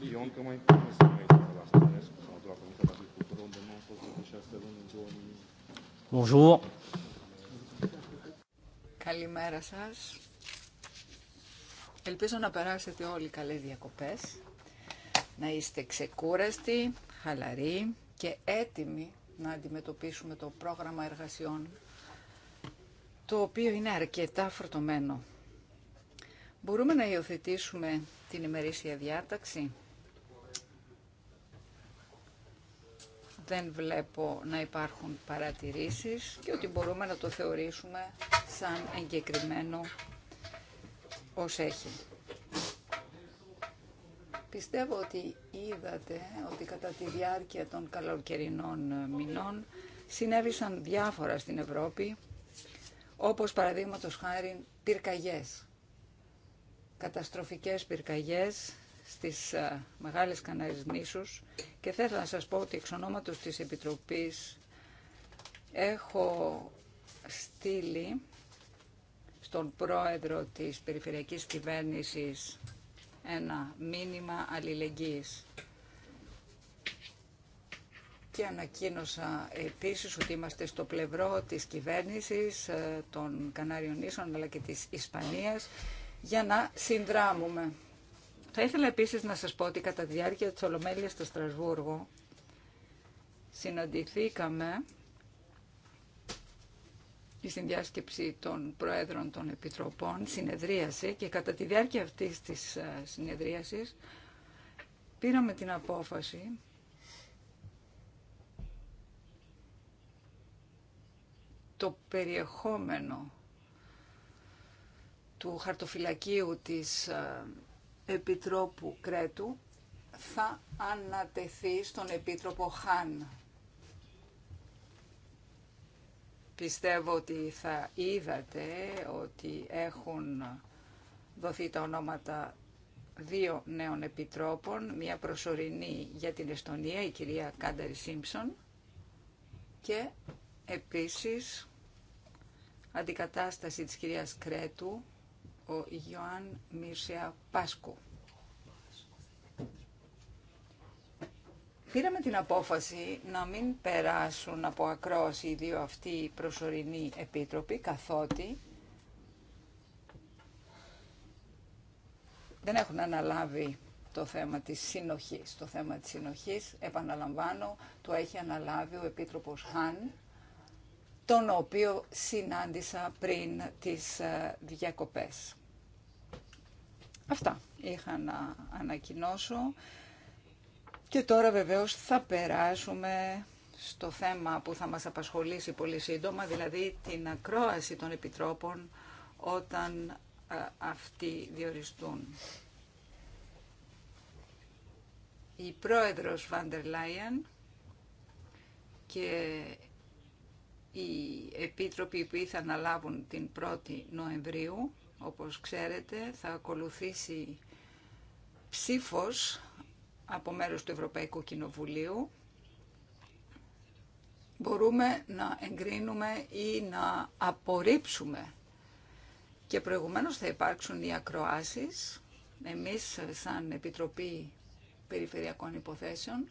Anatolii Ion că mai pune să mai zică la Stănescu sau doar pentru la agricultură, unde nu am fost de șase luni în 2000. Bonjour. Καλημέρα σας. Ελπίζω να περάσετε όλοι καλές διακοπές, να είστε ξεκούραστοι, χαλαροί και έτοιμοι να αντιμετωπίσουμε το πρόγραμμα εργασιών, το οποίο είναι αρκετά φορτωμένο. Μπορούμε να υιοθετήσουμε την ημερήσια διάταξη. δεν βλέπω να υπάρχουν παρατηρήσεις και ότι μπορούμε να το θεωρήσουμε σαν εγκεκριμένο ως έχει. Πιστεύω ότι είδατε ότι κατά τη διάρκεια των καλοκαιρινών μηνών συνέβησαν διάφορα στην Ευρώπη, όπως παραδείγματος χάρη πυρκαγιές, καταστροφικές πυρκαγιές στις ε, Μεγάλες Κανάρις νήσους και θέλω να σας πω ότι εξ ονόματος της Επιτροπής έχω στείλει στον πρόεδρο της Περιφερειακής Κυβέρνησης ένα μήνυμα αλληλεγγύης. Και ανακοίνωσα επίσης ότι είμαστε στο πλευρό της κυβέρνησης ε, των Κανάριων Νήσων αλλά και της Ισπανίας για να συνδράμουμε. Θα ήθελα επίσης να σας πω ότι κατά τη διάρκεια της Ολομέλειας στο Στρασβούργο συναντηθήκαμε η συνδιάσκεψη των Προέδρων των Επιτροπών συνεδρίασε και κατά τη διάρκεια αυτής της ε, συνεδρίασης πήραμε την απόφαση το περιεχόμενο του χαρτοφυλακίου της ε, Επιτρόπου Κρέτου θα ανατεθεί στον Επίτροπο Χάν. Πιστεύω ότι θα είδατε ότι έχουν δοθεί τα ονόματα δύο νέων επιτρόπων, μία προσωρινή για την Εστονία, η κυρία Κάνταρη Σίμψον, και επίσης αντικατάσταση της κυρίας Κρέτου ο Ιωάνν Μίρσια Πάσκου. Πήραμε την απόφαση να μην περάσουν από ακρός οι δύο αυτοί οι προσωρινοί επίτροποι, καθότι δεν έχουν αναλάβει το θέμα της συνοχής. Το θέμα της συνοχής, επαναλαμβάνω, το έχει αναλάβει ο Επίτροπος Χάν, τον οποίο συνάντησα πριν τις ε, διακοπές. Αυτά είχα να ανακοινώσω. Και τώρα βεβαίως θα περάσουμε στο θέμα που θα μας απασχολήσει πολύ σύντομα, δηλαδή την ακρόαση των επιτρόπων όταν ε, αυτοί διοριστούν. Η πρόεδρος Βάντερ Λάιεν και οι επίτροποι που θα αναλάβουν την 1η Νοεμβρίου όπως ξέρετε θα ακολουθήσει ψήφος από μέρους του Ευρωπαϊκού Κοινοβουλίου. Μπορούμε να εγκρίνουμε ή να απορρίψουμε και προηγουμένως θα υπάρξουν οι ακροάσεις. Εμείς σαν Επιτροπή Περιφερειακών Υποθέσεων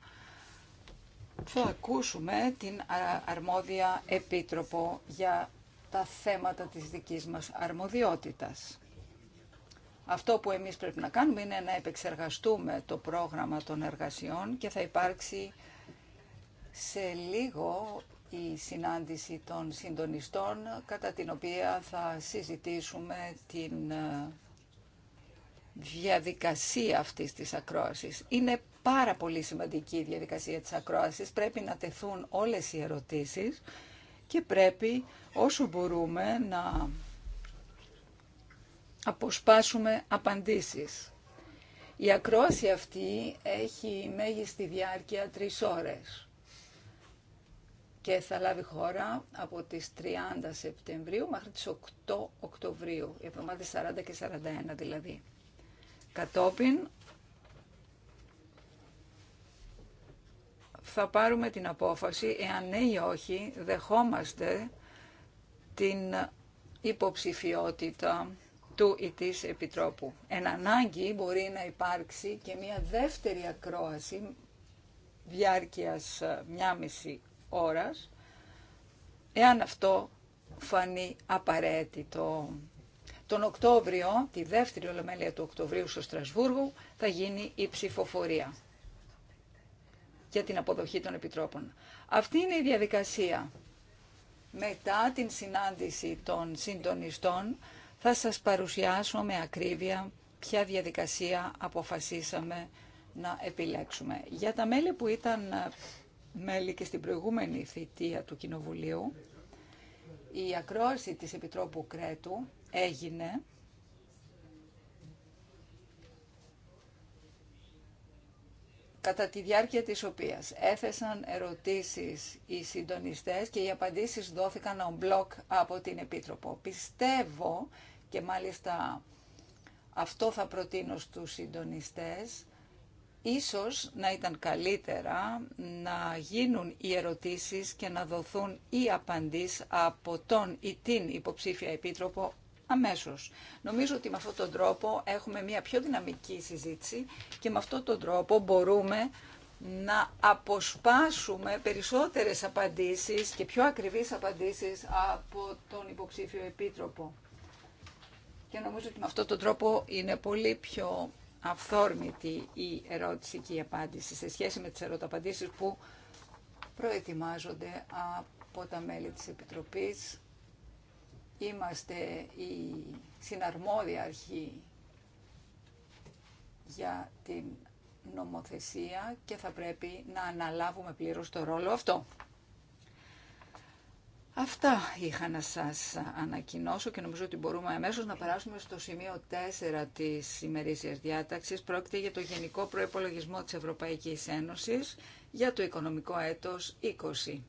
θα ακούσουμε την αρμόδια Επίτροπο για τα θέματα της δικής μας αρμοδιότητας. Αυτό που εμείς πρέπει να κάνουμε είναι να επεξεργαστούμε το πρόγραμμα των εργασιών και θα υπάρξει σε λίγο η συνάντηση των συντονιστών κατά την οποία θα συζητήσουμε την ε, διαδικασία αυτής της ακρόασης. Είναι πάρα πολύ σημαντική η διαδικασία της ακρόασης. Πρέπει να τεθούν όλες οι ερωτήσεις και πρέπει όσο μπορούμε να αποσπάσουμε απαντήσεις. Η ακρόαση αυτή έχει μέγιστη διάρκεια τρεις ώρες και θα λάβει χώρα από τις 30 Σεπτεμβρίου μέχρι τις 8 Οκτωβρίου, οι εβδομάδες 40 και 41 δηλαδή. Κατόπιν θα πάρουμε την απόφαση εάν ναι ή όχι δεχόμαστε την υποψηφιότητα του ή Επιτρόπου. Εν ανάγκη μπορεί να υπάρξει και μια δεύτερη ακρόαση διάρκειας ε, μια μισή ώρας, εάν αυτό φανεί απαραίτητο. Τον Οκτώβριο, τη δεύτερη ολομέλεια του Οκτωβρίου στο Στρασβούργο, θα γίνει η ψηφοφορία για την αποδοχή των επιτρόπων. Αυτή είναι η διαδικασία. Μετά την συνάντηση των συντονιστών θα σας παρουσιάσω με ακρίβεια ποια διαδικασία αποφασίσαμε να επιλέξουμε. Για τα μέλη που ήταν ε, μέλη και στην προηγούμενη θητεία του Κοινοβουλίου, η ακρόαση της Επιτρόπου Κρέτου έγινε κατά τη διάρκεια της οποίας έθεσαν ερωτήσεις οι συντονιστές και οι απαντήσεις δόθηκαν on block από την Επίτροπο. Πιστεύω και μάλιστα αυτό θα προτείνω στους συντονιστές, ίσως να ήταν καλύτερα να γίνουν οι ερωτήσεις και να δοθούν οι απαντήσεις από τον ή την υποψήφια επίτροπο αμέσως. Νομίζω ότι με αυτόν τον τρόπο έχουμε μια πιο δυναμική συζήτηση και με αυτόν τον τρόπο μπορούμε να αποσπάσουμε περισσότερες απαντήσεις και πιο ακριβείς απαντήσεις από τον υποψήφιο επίτροπο. Και νομίζω ότι με αυτόν τον τρόπο είναι πολύ πιο αυθόρμητη η ερώτηση και η απάντηση σε σχέση με τις ερωταπαντήσεις που προετοιμάζονται από τα μέλη της Επιτροπής είμαστε η συναρμόδια αρχή για την νομοθεσία και θα πρέπει να αναλάβουμε πλήρως το ρόλο αυτό. Αυτά είχα να σας ανακοινώσω και νομίζω ότι μπορούμε αμέσως να περάσουμε στο σημείο 4 της ημερήσιας διάταξης. Πρόκειται για το Γενικό Προϋπολογισμό της Ευρωπαϊκής Ένωσης για το οικονομικό έτος 20.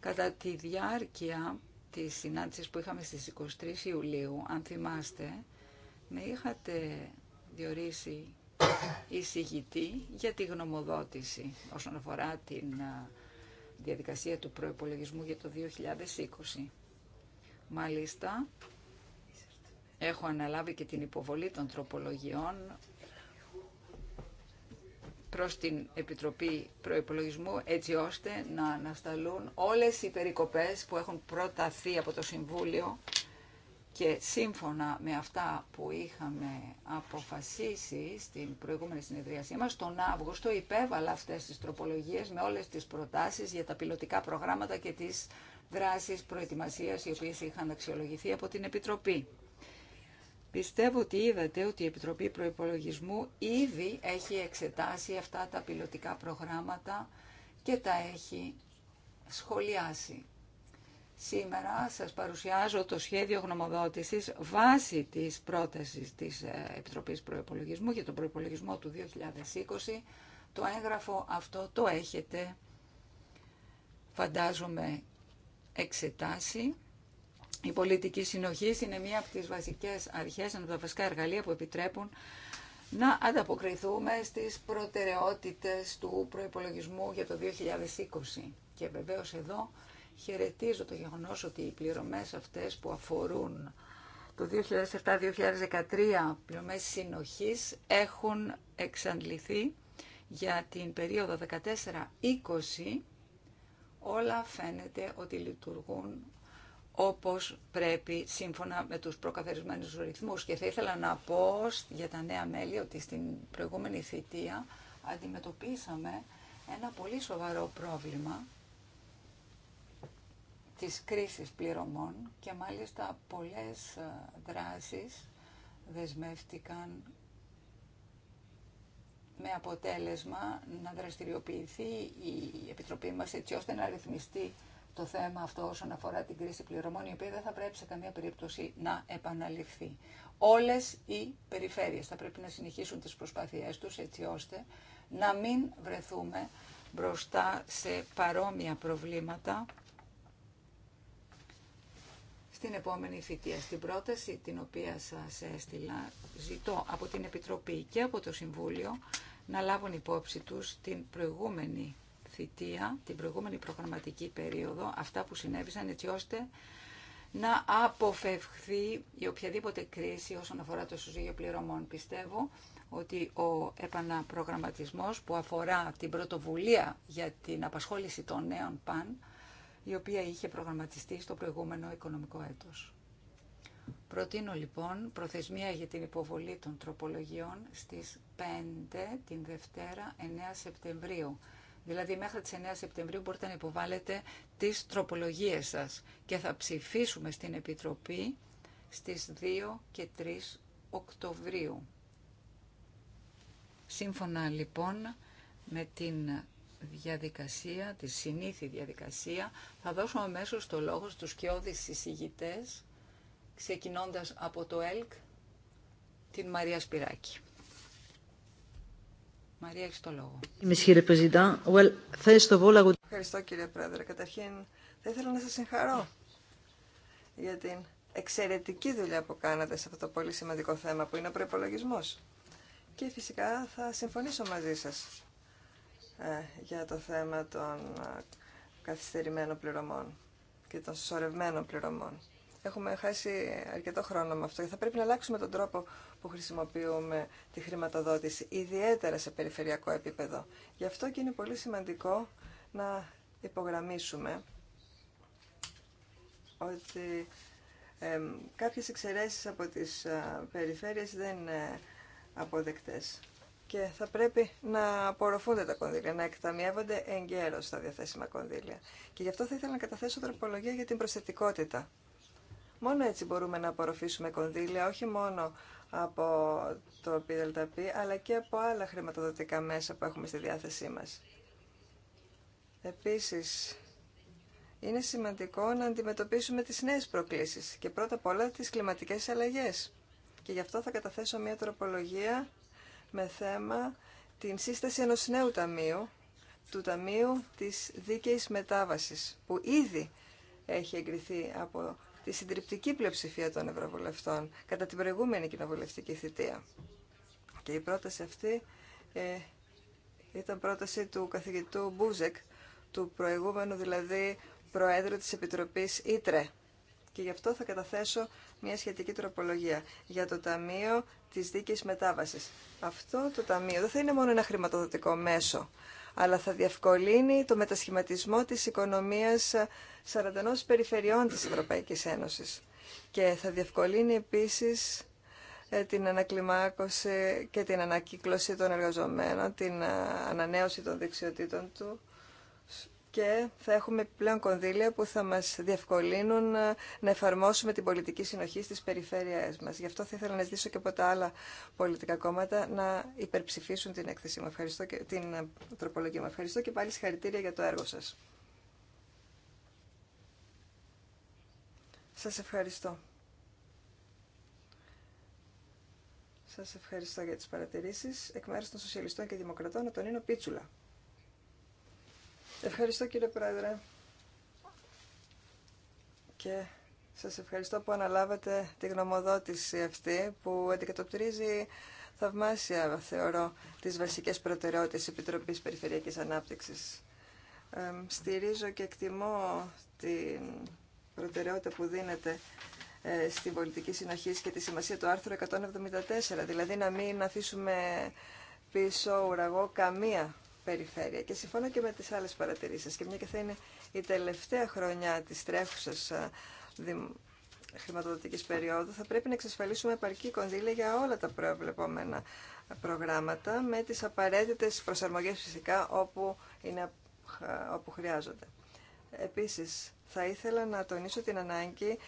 Κατά τη διάρκεια τις συνάντηση που είχαμε στις 23 Ιουλίου, αν θυμάστε, με είχατε διορίσει εισηγητή για τη γνωμοδότηση όσον αφορά την διαδικασία του προϋπολογισμού για το 2020. Μάλιστα, έχω αναλάβει και την υποβολή των τροπολογιών προς την Επιτροπή Προϋπολογισμού έτσι ώστε να ανασταλούν όλες οι περικοπές που έχουν προταθεί από το Συμβούλιο και σύμφωνα με αυτά που είχαμε αποφασίσει στην προηγούμενη συνεδρίασή μας, τον Αύγουστο υπέβαλα αυτές τις τροπολογίες με όλες τις προτάσεις για τα πιλωτικά προγράμματα και τις δράσεις προετοιμασίας οι οποίες είχαν αξιολογηθεί από την Επιτροπή. Πιστεύω ότι είδατε ότι η Επιτροπή Προϋπολογισμού ήδη έχει εξετάσει αυτά τα πιλωτικά προγράμματα και τα έχει σχολιάσει. Σήμερα σας παρουσιάζω το σχέδιο γνωμοδότησης βάσει της πρότασης της ε, Επιτροπής Προϋπολογισμού για τον προϋπολογισμό του 2020. Το έγγραφο αυτό το έχετε, φαντάζομαι, εξετάσει. Η πολιτική συνοχή είναι μία από τις βασικές αρχές, ένα από τα βασικά εργαλεία που επιτρέπουν να ανταποκριθούμε στις προτεραιότητες του προϋπολογισμού για το 2020. Και βεβαίως εδώ χαιρετίζω το γεγονός ότι οι πληρωμές αυτές που αφορούν το 2007-2013 πληρωμές συνοχής έχουν εξαντληθεί για την περίοδο 14-20 όλα φαίνεται ότι λειτουργούν όπως πρέπει σύμφωνα με τους προκαθαρισμένους ρυθμούς. Και θα ήθελα να πω για τα νέα μέλη ότι στην προηγούμενη θητεία αντιμετωπίσαμε ένα πολύ σοβαρό πρόβλημα της κρίσης πληρωμών και μάλιστα πολλές ε, δράσεις δεσμεύτηκαν με αποτέλεσμα να δραστηριοποιηθεί η Επιτροπή μας έτσι ώστε να ρυθμιστεί το θέμα αυτό όσον αφορά την κρίση πληρωμών, η οποία δεν θα πρέπει σε καμία περίπτωση να επαναληφθεί. Όλες οι περιφέρειες θα πρέπει να συνεχίσουν τις προσπάθειές τους έτσι ώστε να μην βρεθούμε μπροστά σε παρόμοια προβλήματα στην επόμενη θητεία. Στην πρόταση την οποία σας έστειλα ζητώ από την Επιτροπή και από το Συμβούλιο να λάβουν υπόψη τους την προηγούμενη θητεία, την προηγούμενη προγραμματική περίοδο, αυτά που συνέβησαν έτσι ώστε να αποφευχθεί η οποιαδήποτε κρίση όσον αφορά το συζύγιο πληρωμών. Πιστεύω ότι ο επαναπρογραμματισμός που αφορά την πρωτοβουλία για την απασχόληση των νέων παν, η οποία είχε προγραμματιστεί στο προηγούμενο οικονομικό έτος. Προτείνω λοιπόν προθεσμία για την υποβολή των τροπολογιών στις 5 την Δευτέρα 9 Σεπτεμβρίου Δηλαδή μέχρι τις 9 Σεπτεμβρίου μπορείτε να υποβάλλετε τις τροπολογίες σας και θα ψηφίσουμε στην Επιτροπή στις 2 και 3 Οκτωβρίου. Σύμφωνα λοιπόν με την διαδικασία, τη συνήθη διαδικασία, θα δώσουμε αμέσως το λόγο στους κοιόδης συζητητές, ξεκινώντας από το ΕΛΚ, την Μαρία Σπυράκη. Μαρία, έχει το λόγο. Ευχαριστώ κύριε Πρόεδρε. Καταρχήν θα ήθελα να σας συγχαρώ για την εξαιρετική δουλειά που κάνατε σε αυτό το πολύ σημαντικό θέμα που είναι ο προπολογισμό. Και φυσικά θα συμφωνήσω μαζί σας ε, για το θέμα των ε, καθυστερημένων πληρωμών και των σωρευμένων πληρωμών. Έχουμε χάσει αρκετό χρόνο με αυτό και θα πρέπει να αλλάξουμε τον τρόπο που χρησιμοποιούμε τη χρηματοδότηση, ιδιαίτερα σε περιφερειακό επίπεδο. Γι' αυτό και είναι πολύ σημαντικό να υπογραμμίσουμε ότι ε, κάποιες εξαιρέσεις από τις περιφέρειες δεν είναι αποδεκτές και θα πρέπει να απορροφούνται τα κονδύλια, να εκταμιεύονται εγκαίρως τα διαθέσιμα κονδύλια. Και γι' αυτό θα ήθελα να καταθέσω τροπολογία για την προσθετικότητα. Μόνο έτσι μπορούμε να απορροφήσουμε κονδύλια, όχι μόνο από το PDLTP, αλλά και από άλλα χρηματοδοτικά μέσα που έχουμε στη διάθεσή μας. Επίσης, είναι σημαντικό να αντιμετωπίσουμε τις νέες προκλήσεις και πρώτα απ' όλα τις κλιματικές αλλαγές. Και γι' αυτό θα καταθέσω μια τροπολογία με θέμα την σύσταση ενός νέου ταμείου, του Ταμείου της Δίκαιης Μετάβασης, που ήδη έχει εγκριθεί από τη συντριπτική πλειοψηφία των Ευρωβουλευτών κατά την προηγούμενη κοινοβουλευτική θητεία. Και η πρόταση αυτή ε, ήταν πρόταση του καθηγητού Μπούζεκ, του προηγούμενου δηλαδή Προέδρου της Επιτροπής Ήτρε. Και γι' αυτό θα καταθέσω μια σχετική τροπολογία για το Ταμείο της δίκης Μετάβασης. Αυτό το Ταμείο δεν θα είναι μόνο ένα χρηματοδοτικό μέσο, αλλά θα διευκολύνει το μετασχηματισμό της οικονομίας 41 περιφερειών της Ευρωπαϊκής Ένωσης και θα διευκολύνει επίσης ε, την ανακλιμάκωση και την ανακύκλωση των εργαζομένων, την ε, ανανέωση των δεξιοτήτων του και θα έχουμε πλέον κονδύλια που θα μας διευκολύνουν ε, να εφαρμόσουμε την πολιτική συνοχή στις περιφέρειές μας. Γι' αυτό θα ήθελα να ζητήσω και από τα άλλα πολιτικά κόμματα να υπερψηφίσουν την έκθεση μου. Ευχαριστώ και την ε, τροπολογία μου. Ευχαριστώ και πάλι συγχαρητήρια για το έργο σας. Σας ευχαριστώ. Σας ευχαριστώ για τις παρατηρήσεις. Εκ μέρους των Σοσιαλιστών και Δημοκρατών, τον Νίνο Πίτσουλα. Ευχαριστώ κύριε Πρόεδρε και σας ευχαριστώ που αναλάβατε τη γνωμοδότηση αυτή που αντικατοπτρίζει θαυμάσια θεωρώ τις βασικές προτεραιότητες της Επιτροπής Περιφερειακής Ανάπτυξης. στηρίζω και εκτιμώ την προτεραιότητα που δίνεται ε, στην πολιτική συνοχή και τη σημασία του άρθρου 174, δηλαδή να μην αφήσουμε πίσω ουραγό καμία περιφέρεια. Και συμφωνώ και με τις άλλες παρατηρήσεις Και μια και θα είναι η τελευταία χρονιά της τρέχουσας χρηματοδοτικής περίοδου, θα πρέπει να εξασφαλίσουμε επαρκή κονδύλια για όλα τα προεβλεπόμενα προγράμματα, με τις απαραίτητες προσαρμογές φυσικά όπου, είναι, όπου χρειάζονται. Επίσης, θα ήθελα να τονίσω την ανάγκη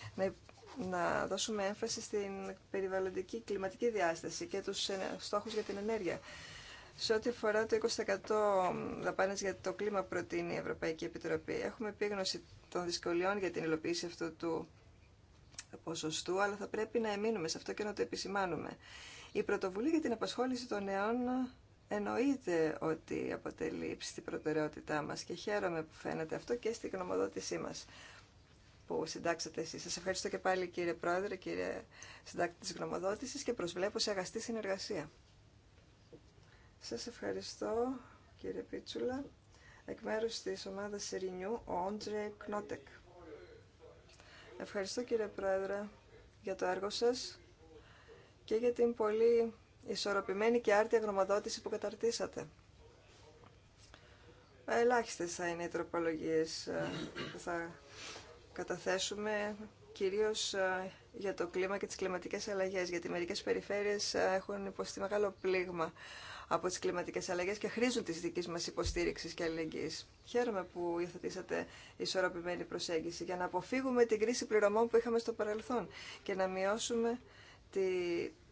να δώσουμε έμφαση στην περιβαλλοντική κλιματική διάσταση και τους ε, στόχους για την ενέργεια. Σε ό,τι αφορά το 20% δαπάνε για το κλίμα προτείνει η Ευρωπαϊκή Επιτροπή. Έχουμε επίγνωση των δυσκολιών για την υλοποίηση αυτού του ποσοστού, αλλά θα πρέπει να εμείνουμε σε αυτό και να το επισημάνουμε. Η πρωτοβουλία για την απασχόληση των νέων εννοείται ότι αποτελεί ύψιστη προτεραιότητά μα και χαίρομαι που φαίνεται αυτό και στην γνωμοδότησή μα που συντάξατε εσείς. Σας ευχαριστώ και πάλι κύριε Πρόεδρε, κύριε συντάκτη της γνωμοδότησης και προσβλέπω σε αγαστή συνεργασία. Σας ευχαριστώ κύριε Πίτσουλα εκ μέρους της ομάδας Σερινιού ο Όντζε Κνότεκ. Ευχαριστώ κύριε Πρόεδρε για το έργο σας και για την πολύ ισορροπημένη και άρτια γνωμοδότηση που καταρτήσατε. Ελάχιστε θα είναι οι τροπολογίες ε, που θα καταθέσουμε, κυρίως ε, για το κλίμα και τις κλιματικές αλλαγές, γιατί μερικές περιφέρειες ε, έχουν υποστεί μεγάλο πλήγμα από τις κλιματικές αλλαγές και χρήζουν τη δικής μας υποστήριξης και αλληλεγγύης. Χαίρομαι που υιοθετήσατε ισορροπημένη προσέγγιση για να αποφύγουμε την κρίση πληρωμών που είχαμε στο παρελθόν και να μειώσουμε τη...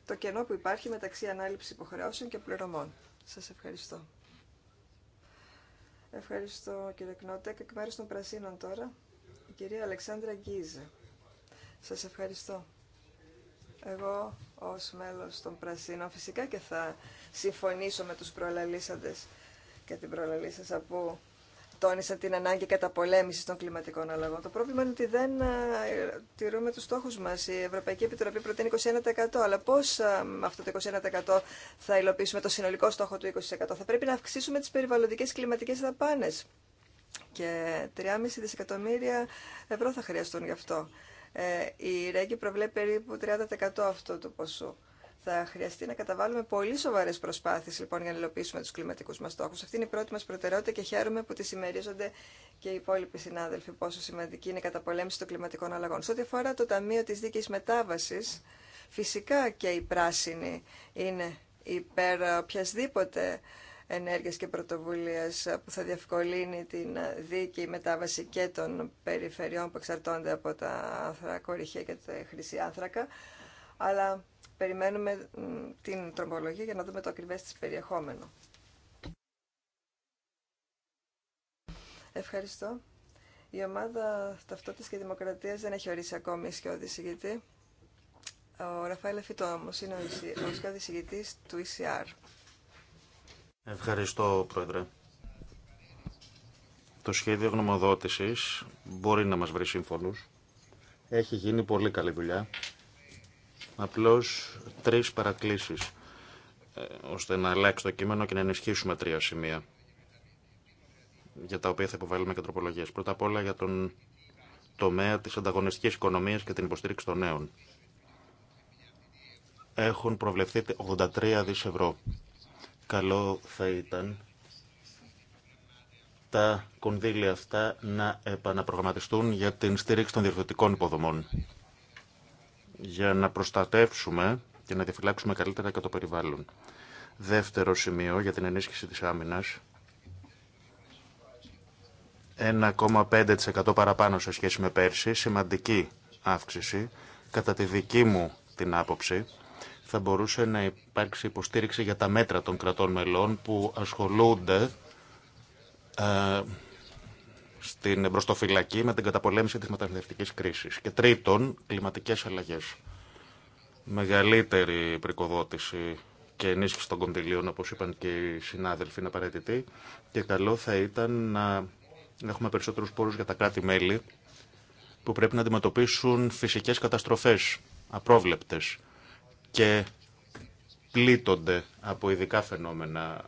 το κενό που υπάρχει μεταξύ ανάληψης υποχρεώσεων και πληρωμών. Σας ευχαριστώ. Ευχαριστώ κύριε Κνώτεκ. Εκ μέρους των Πρασίνων τώρα, η κυρία Αλεξάνδρα Γκίζε. Σας ευχαριστώ. Εγώ ως μέλος των Πρασίνων φυσικά και θα συμφωνήσω με τους προλαλήσαντες και την προλαλήσασα που τόνισαν την ανάγκη καταπολέμηση των κλιματικών αλλαγών. Το πρόβλημα είναι ότι δεν ε, τηρούμε τους στόχους μας. Η Ευρωπαϊκή Επιτροπή προτείνει 21%, αλλά πώς ε, με αυτό το 21% θα υλοποιήσουμε το συνολικό στόχο του 20%. Θα πρέπει να αυξήσουμε τις περιβαλλοντικές κλιματικές δαπάνες. Και 3,5 δισεκατομμύρια ευρώ θα χρειαστούν γι' αυτό. Ε, η ΡΕΚΙ προβλέπει περίπου 30% αυτό του ποσού. Θα χρειαστεί να καταβάλουμε πολύ σοβαρέ προσπάθειε λοιπόν για να υλοποιήσουμε του κλιματικού μα στόχου. Αυτή είναι η πρώτη μα προτεραιότητα και χαίρομαι που τη συμμερίζονται και οι υπόλοιποι συνάδελφοι πόσο σημαντική είναι η καταπολέμηση των κλιματικών αλλαγών. Σε ό,τι αφορά το Ταμείο τη Δίκαιη Μετάβαση, φυσικά και η πράσινη είναι υπέρ οποιασδήποτε ενέργειας και πρωτοβουλίας που θα διευκολύνει την δίκη μετάβαση και των περιφερειών που εξαρτώνται από τα ανθρακοριχεία και τα χρυσή άνθρακα. Αλλά περιμένουμε την τρομολογία για να δούμε το ακριβές τη περιεχόμενο. Ευχαριστώ. Η ομάδα Ταυτότητας και Δημοκρατίας δεν έχει ορίσει ακόμη ισχυώδη Ο Ραφαέλ Φιτό είναι ο του ECR. Ευχαριστώ, Πρόεδρε. Το σχέδιο γνωμοδότησης μπορεί να μας βρει σύμφωνους. Έχει γίνει πολύ καλή δουλειά. Απλώς τρεις παρακλήσεις, ε, ώστε να αλλάξει το κείμενο και να ενισχύσουμε τρία σημεία, για τα οποία θα υποβάλουμε και τροπολογίες. Πρώτα απ' όλα για τον τομέα της ανταγωνιστικής οικονομίας και την υποστήριξη των νέων. Έχουν προβλεφθεί 83 δις ευρώ καλό θα ήταν τα κονδύλια αυτά να επαναπρογραμματιστούν για την στήριξη των διευθυντικών υποδομών. Για να προστατεύσουμε και να διαφυλάξουμε καλύτερα και το περιβάλλον. Δεύτερο σημείο για την ενίσχυση της άμυνας. 1,5% παραπάνω σε σχέση με πέρσι, σημαντική αύξηση. Κατά τη δική μου την άποψη, θα μπορούσε να υπάρξει υποστήριξη για τα μέτρα των κρατών μελών που ασχολούνται ε, στην μπροστοφυλακή με την καταπολέμηση της μεταναστευτικής κρίσης. Και τρίτον, κλιματικές αλλαγές. Μεγαλύτερη πρικοδότηση και ενίσχυση των κοντιλίων, όπως είπαν και οι συνάδελφοι, είναι απαραίτητη. Και καλό θα ήταν να έχουμε περισσότερους πόρους για τα κράτη-μέλη που πρέπει να αντιμετωπίσουν φυσικές καταστροφές, απρόβλεπτες και πλήττονται από ειδικά φαινόμενα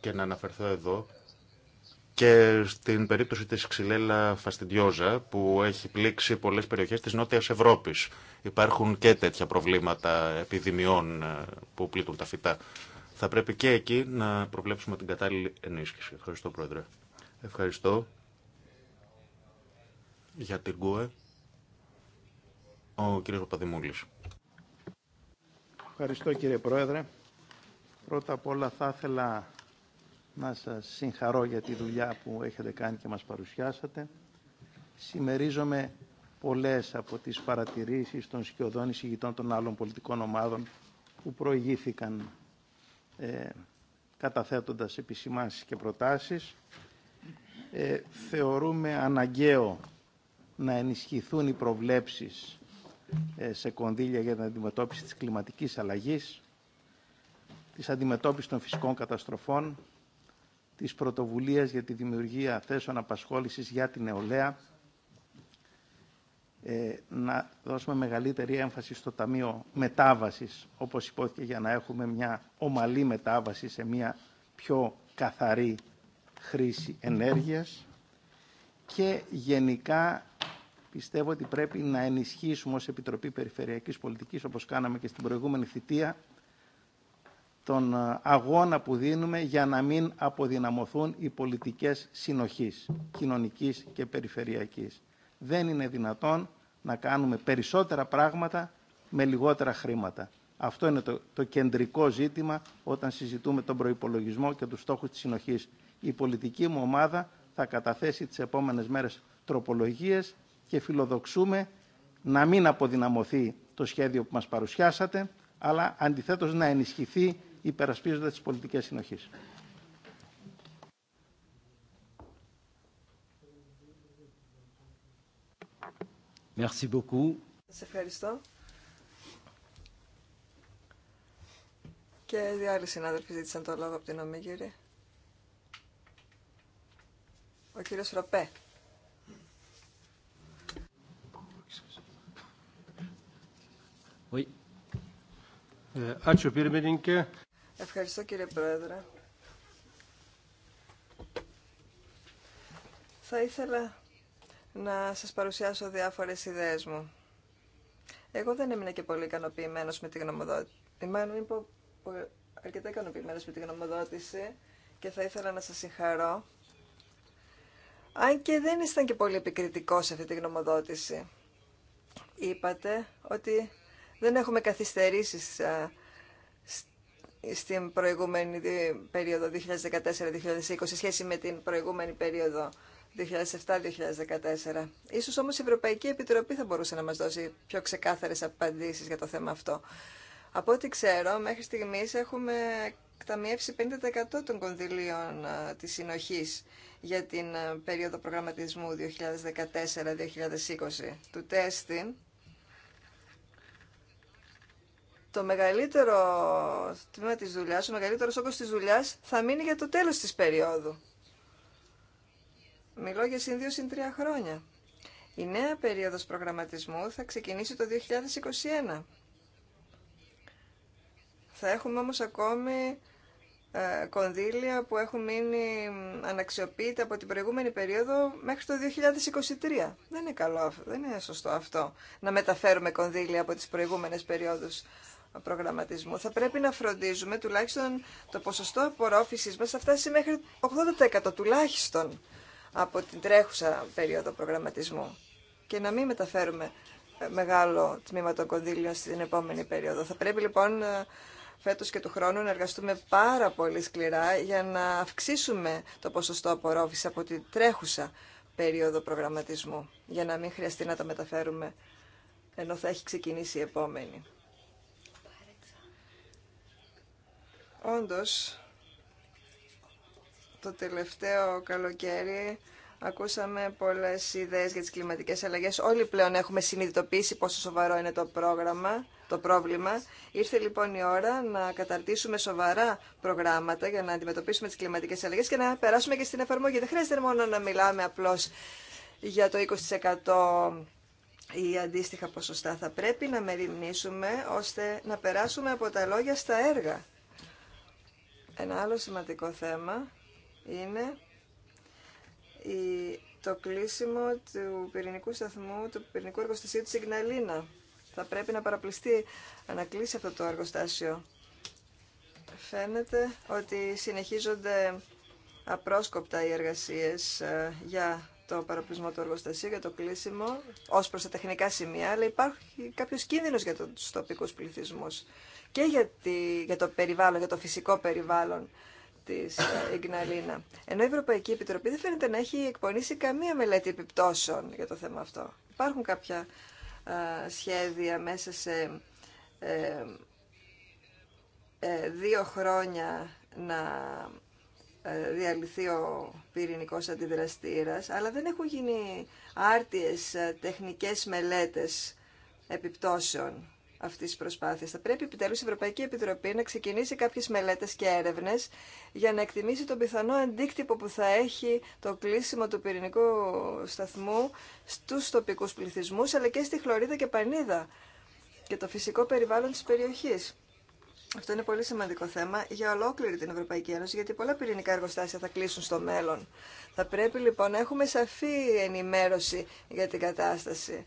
και να αναφερθώ εδώ και στην περίπτωση της ξυλέλα φαστιντιόζα που έχει πλήξει πολλές περιοχές της Νότιας Ευρώπης. Υπάρχουν και τέτοια προβλήματα επιδημιών ε, που πλήττουν τα φυτά. Θα πρέπει και εκεί να προβλέψουμε την κατάλληλη ενίσχυση. Ευχαριστώ Πρόεδρε. Ευχαριστώ για την ΚΟΕ ο κ. Παπαδημούλης. Ευχαριστώ κύριε Πρόεδρε. Πρώτα απ' όλα θα ήθελα να σας συγχαρώ για τη δουλειά που έχετε κάνει και μας παρουσιάσατε. Σημερίζομαι πολλές από τις παρατηρήσεις των σκιωδών εισηγητών των άλλων πολιτικών ομάδων που προηγήθηκαν ε, καταθέτοντας επισημάνσεις και προτάσεις. Ε, θεωρούμε αναγκαίο να ενισχυθούν οι προβλέψεις ε, σε κονδύλια για την αντιμετώπιση της κλιματικής αλλαγής, της αντιμετώπισης των φυσικών καταστροφών, της πρωτοβουλίας για τη δημιουργία θέσεων απασχόλησης για την νεολαία, ε, να δώσουμε μεγαλύτερη έμφαση στο Ταμείο Μετάβασης, όπως υπόθηκε για να έχουμε μια ομαλή μετάβαση σε μια πιο καθαρή χρήση ενέργειας και γενικά Πιστεύω ότι πρέπει να ενισχύσουμε ως Επιτροπή Περιφερειακής Πολιτικής, όπως κάναμε και στην προηγούμενη θητεία, τον ε, αγώνα που δίνουμε για να μην αποδυναμωθούν οι πολιτικές συνοχής, κοινωνικής και περιφερειακής. Δεν είναι δυνατόν να κάνουμε περισσότερα πράγματα με λιγότερα χρήματα. Αυτό είναι το, το κεντρικό ζήτημα όταν συζητούμε τον προϋπολογισμό και τους στόχους της συνοχής. Η πολιτική μου ομάδα θα καταθέσει τις επόμενες μέρες τροπολογίες και φιλοδοξούμε να μην αποδυναμωθεί το σχέδιο που μας παρουσιάσατε, αλλά αντιθέτως να ενισχυθεί υπερασπίζοντα τις πολιτικές συνοχής. Merci beaucoup. Σας ευχαριστώ. Και δύο άλλοι συνάδελφοι ζήτησαν το λόγο από την Ομίγυρη. Ο κύριος Ροπέ. Ευχαριστώ κύριε Πρόεδρε. Θα ήθελα να σας παρουσιάσω διάφορες ιδέες μου. Εγώ δεν έμεινα και πολύ ικανοποιημένος με τη γνωμοδότηση. Μάλλον είμαι αρκετά ικανοποιημένος με τη γνωμοδότηση και θα ήθελα να σας συγχαρώ. Αν και δεν ήσταν και πολύ επικριτικό σε αυτή τη γνωμοδότηση. Είπατε ότι δεν έχουμε καθυστερήσεις στην προηγούμενη περίοδο 2014-2020 σε σχέση με την προηγούμενη περίοδο 2007-2014. Ίσως όμως η Ευρωπαϊκή Επιτροπή θα μπορούσε να μας δώσει πιο ξεκάθαρες απαντήσεις για το θέμα αυτό. Από ό,τι ξέρω, μέχρι στιγμής έχουμε εκταμιεύσει 50% των κονδυλίων της συνοχής για την περίοδο προγραμματισμού 2014-2020 του τέστην το μεγαλύτερο τμήμα της δουλειάς, ο μεγαλύτερος όγκος της δουλειάς θα μείνει για το τέλος της περίοδου. Μιλώ για συν δύο συν τρία χρόνια. Η νέα περίοδος προγραμματισμού θα ξεκινήσει το 2021. Θα έχουμε όμως ακόμη ε, κονδύλια που έχουν μείνει αναξιοποιητά από την προηγούμενη περίοδο μέχρι το 2023. Δεν είναι καλό δεν είναι σωστό αυτό να μεταφέρουμε κονδύλια από τις προηγούμενες περίοδους προγραμματισμού, θα πρέπει να φροντίζουμε τουλάχιστον το ποσοστό απορρόφησης μας θα φτάσει μέχρι 80% τουλάχιστον από την τρέχουσα περίοδο προγραμματισμού και να μην μεταφέρουμε ε, μεγάλο τμήμα των κονδύλιων στην επόμενη περίοδο. Θα πρέπει λοιπόν ε, φέτος και του χρόνου να εργαστούμε πάρα πολύ σκληρά για να αυξήσουμε το ποσοστό απορρόφησης από την τρέχουσα περίοδο προγραμματισμού για να μην χρειαστεί να τα μεταφέρουμε ενώ θα έχει ξεκινήσει η επόμενη. Όντως, το τελευταίο καλοκαίρι ακούσαμε πολλές ιδέες για τις κλιματικές αλλαγές. Όλοι πλέον έχουμε συνειδητοποιήσει πόσο σοβαρό είναι το πρόγραμμα, το πρόβλημα. Ήρθε λοιπόν η ώρα να καταρτήσουμε σοβαρά προγράμματα για να αντιμετωπίσουμε τις κλιματικές αλλαγές και να περάσουμε και στην εφαρμογή. Δεν χρειάζεται μόνο να μιλάμε απλώς για το 20% ή αντίστοιχα ποσοστά θα πρέπει να μεριμνήσουμε ώστε να περάσουμε από τα λόγια στα έργα. Ένα άλλο σημαντικό θέμα είναι το κλείσιμο του πυρηνικού σταθμού, του πυρηνικού εργοστασίου της Ιγναλίνα. Θα πρέπει να παραπληστεί, να κλείσει αυτό το εργοστάσιο. Φαίνεται ότι συνεχίζονται απρόσκοπτα οι εργασίες ε, για το παροπλισμό του εργοστασίου, για το κλείσιμο, ω προ τα τεχνικά σημεία, αλλά υπάρχει κάποιος κίνδυνος για τους τοπικούς πληθυσμούς και για, για το περιβάλλον, για το φυσικό περιβάλλον της Ιγναλίνα. Ε, Ενώ η Ευρωπαϊκή Επιτροπή δεν φαίνεται να έχει εκπονήσει καμία μελέτη επιπτώσεων για το θέμα αυτό. Υπάρχουν κάποια ε, σχέδια μέσα σε ε, ε δύο χρόνια να ε, διαλυθεί ο πυρηνικός αντιδραστήρας, αλλά δεν έχουν γίνει άρτιες ε, τεχνικές μελέτες επιπτώσεων αυτή τη προσπάθεια. Θα πρέπει επιτέλου η Ευρωπαϊκή Επιτροπή να ξεκινήσει κάποιε μελέτε και έρευνε για να εκτιμήσει τον πιθανό αντίκτυπο που θα έχει το κλείσιμο του πυρηνικού σταθμού στου τοπικού πληθυσμού αλλά και στη χλωρίδα και πανίδα και το φυσικό περιβάλλον τη περιοχή. Αυτό είναι πολύ σημαντικό θέμα για ολόκληρη την Ευρωπαϊκή Ένωση, γιατί πολλά πυρηνικά εργοστάσια θα κλείσουν στο μέλλον. Θα πρέπει λοιπόν να έχουμε σαφή ενημέρωση για την κατάσταση,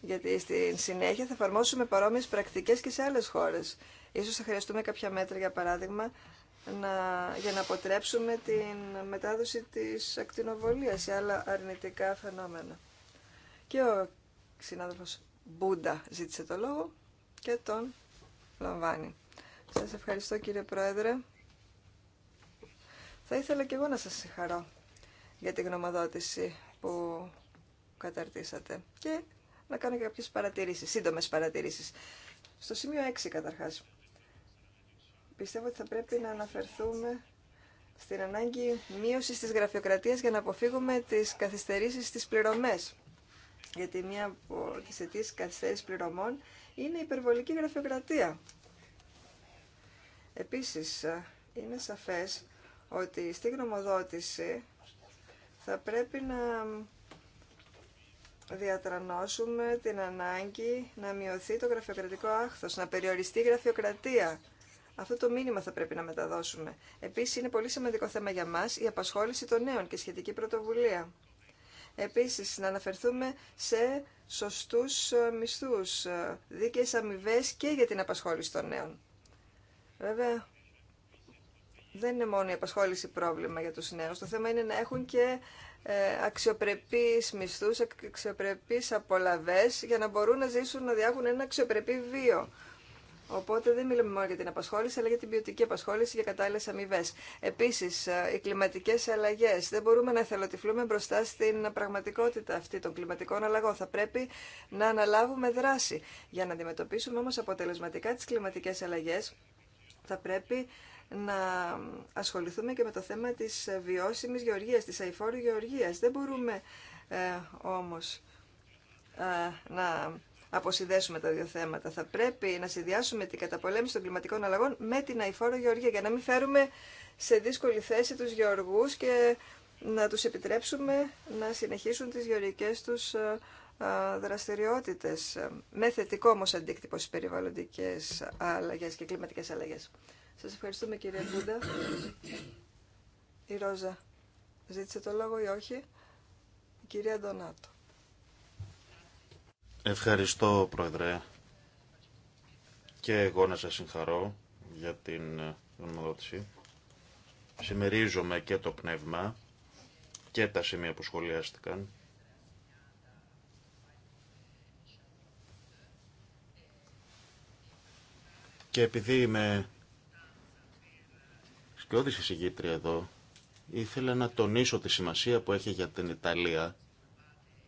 γιατί στην συνέχεια θα εφαρμόσουμε παρόμοιε πρακτικέ και σε άλλε χώρε. σω θα χρειαστούμε κάποια μέτρα, για παράδειγμα, να, για να αποτρέψουμε την μετάδοση τη ακτινοβολία ή άλλα αρνητικά φαινόμενα. Και ο συνάδελφο Μπούντα ζήτησε το λόγο και τον λαμβάνει. Σας ευχαριστώ κύριε Πρόεδρε. Θα ήθελα και εγώ να σας συγχαρώ για την γνωμοδότηση που καταρτήσατε και να κάνω και κάποιες παρατηρήσεις, σύντομες παρατηρήσεις. Στο σημείο 6 καταρχάς. Πιστεύω ότι θα πρέπει να αναφερθούμε στην ανάγκη μείωση της γραφειοκρατίας για να αποφύγουμε τις καθυστερήσεις στις πληρωμές. Γιατί μία από τις αιτήσεις καθυστέρησης πληρωμών είναι η υπερβολική γραφειοκρατία Επίσης, ε, είναι σαφές ότι στη γνωμοδότηση θα πρέπει να διατρανώσουμε την ανάγκη να μειωθεί το γραφειοκρατικό άχθος, να περιοριστεί η γραφειοκρατία. Αυτό το μήνυμα θα πρέπει να μεταδώσουμε. Επίσης, είναι πολύ σημαντικό θέμα για μας η απασχόληση των νέων και σχετική πρωτοβουλία. Επίσης, να αναφερθούμε σε σωστούς ε, μισθούς, ε, δίκαιες αμοιβέ και για την απασχόληση των νέων. Βέβαια, δεν είναι μόνο η απασχόληση πρόβλημα για τους νέους. Το θέμα είναι να έχουν και ε, αξιοπρεπείς μισθούς, αξιοπρεπείς απολαβές για να μπορούν να ζήσουν, να διάγουν ένα αξιοπρεπή βίο. Οπότε δεν μιλάμε μόνο για την απασχόληση, αλλά για την ποιοτική απασχόληση για κατάλληλε αμοιβέ. Επίση, ε, οι κλιματικέ αλλαγέ. Δεν μπορούμε να εθελοτυφλούμε μπροστά στην πραγματικότητα αυτή των κλιματικών αλλαγών. Θα πρέπει να αναλάβουμε δράση. Για να αντιμετωπίσουμε όμω αποτελεσματικά τι κλιματικέ αλλαγέ, θα πρέπει να ασχοληθούμε και με το θέμα της βιώσιμης γεωργίας, της αηφόρου γεωργίας. Δεν μπορούμε ε, όμως ε, να αποσυνδέσουμε τα δύο θέματα. Θα πρέπει να συνδυάσουμε την καταπολέμηση των κλιματικών αλλαγών με την αηφόρο γεωργία για να μην φέρουμε σε δύσκολη θέση τους γεωργούς και να τους επιτρέψουμε να συνεχίσουν τις γεωργικές τους ε, δραστηριότητες με θετικό όμως αντίκτυπο στις περιβαλλοντικές αλλαγές και κλιματικές αλλαγές. Σας ευχαριστούμε κυρία Βούντα. Η Ρόζα ζήτησε το λόγο ή όχι. Η κυρία Ντονάτο. Ευχαριστώ Πρόεδρε και εγώ να σας συγχαρώ για την γνωμοδότηση. Συμμερίζομαι και το πνεύμα και τα σημεία που σχολιάστηκαν Και επειδή είμαι σκιώδης εισηγήτρια εδώ, ήθελα να τονίσω τη σημασία που έχει για την Ιταλία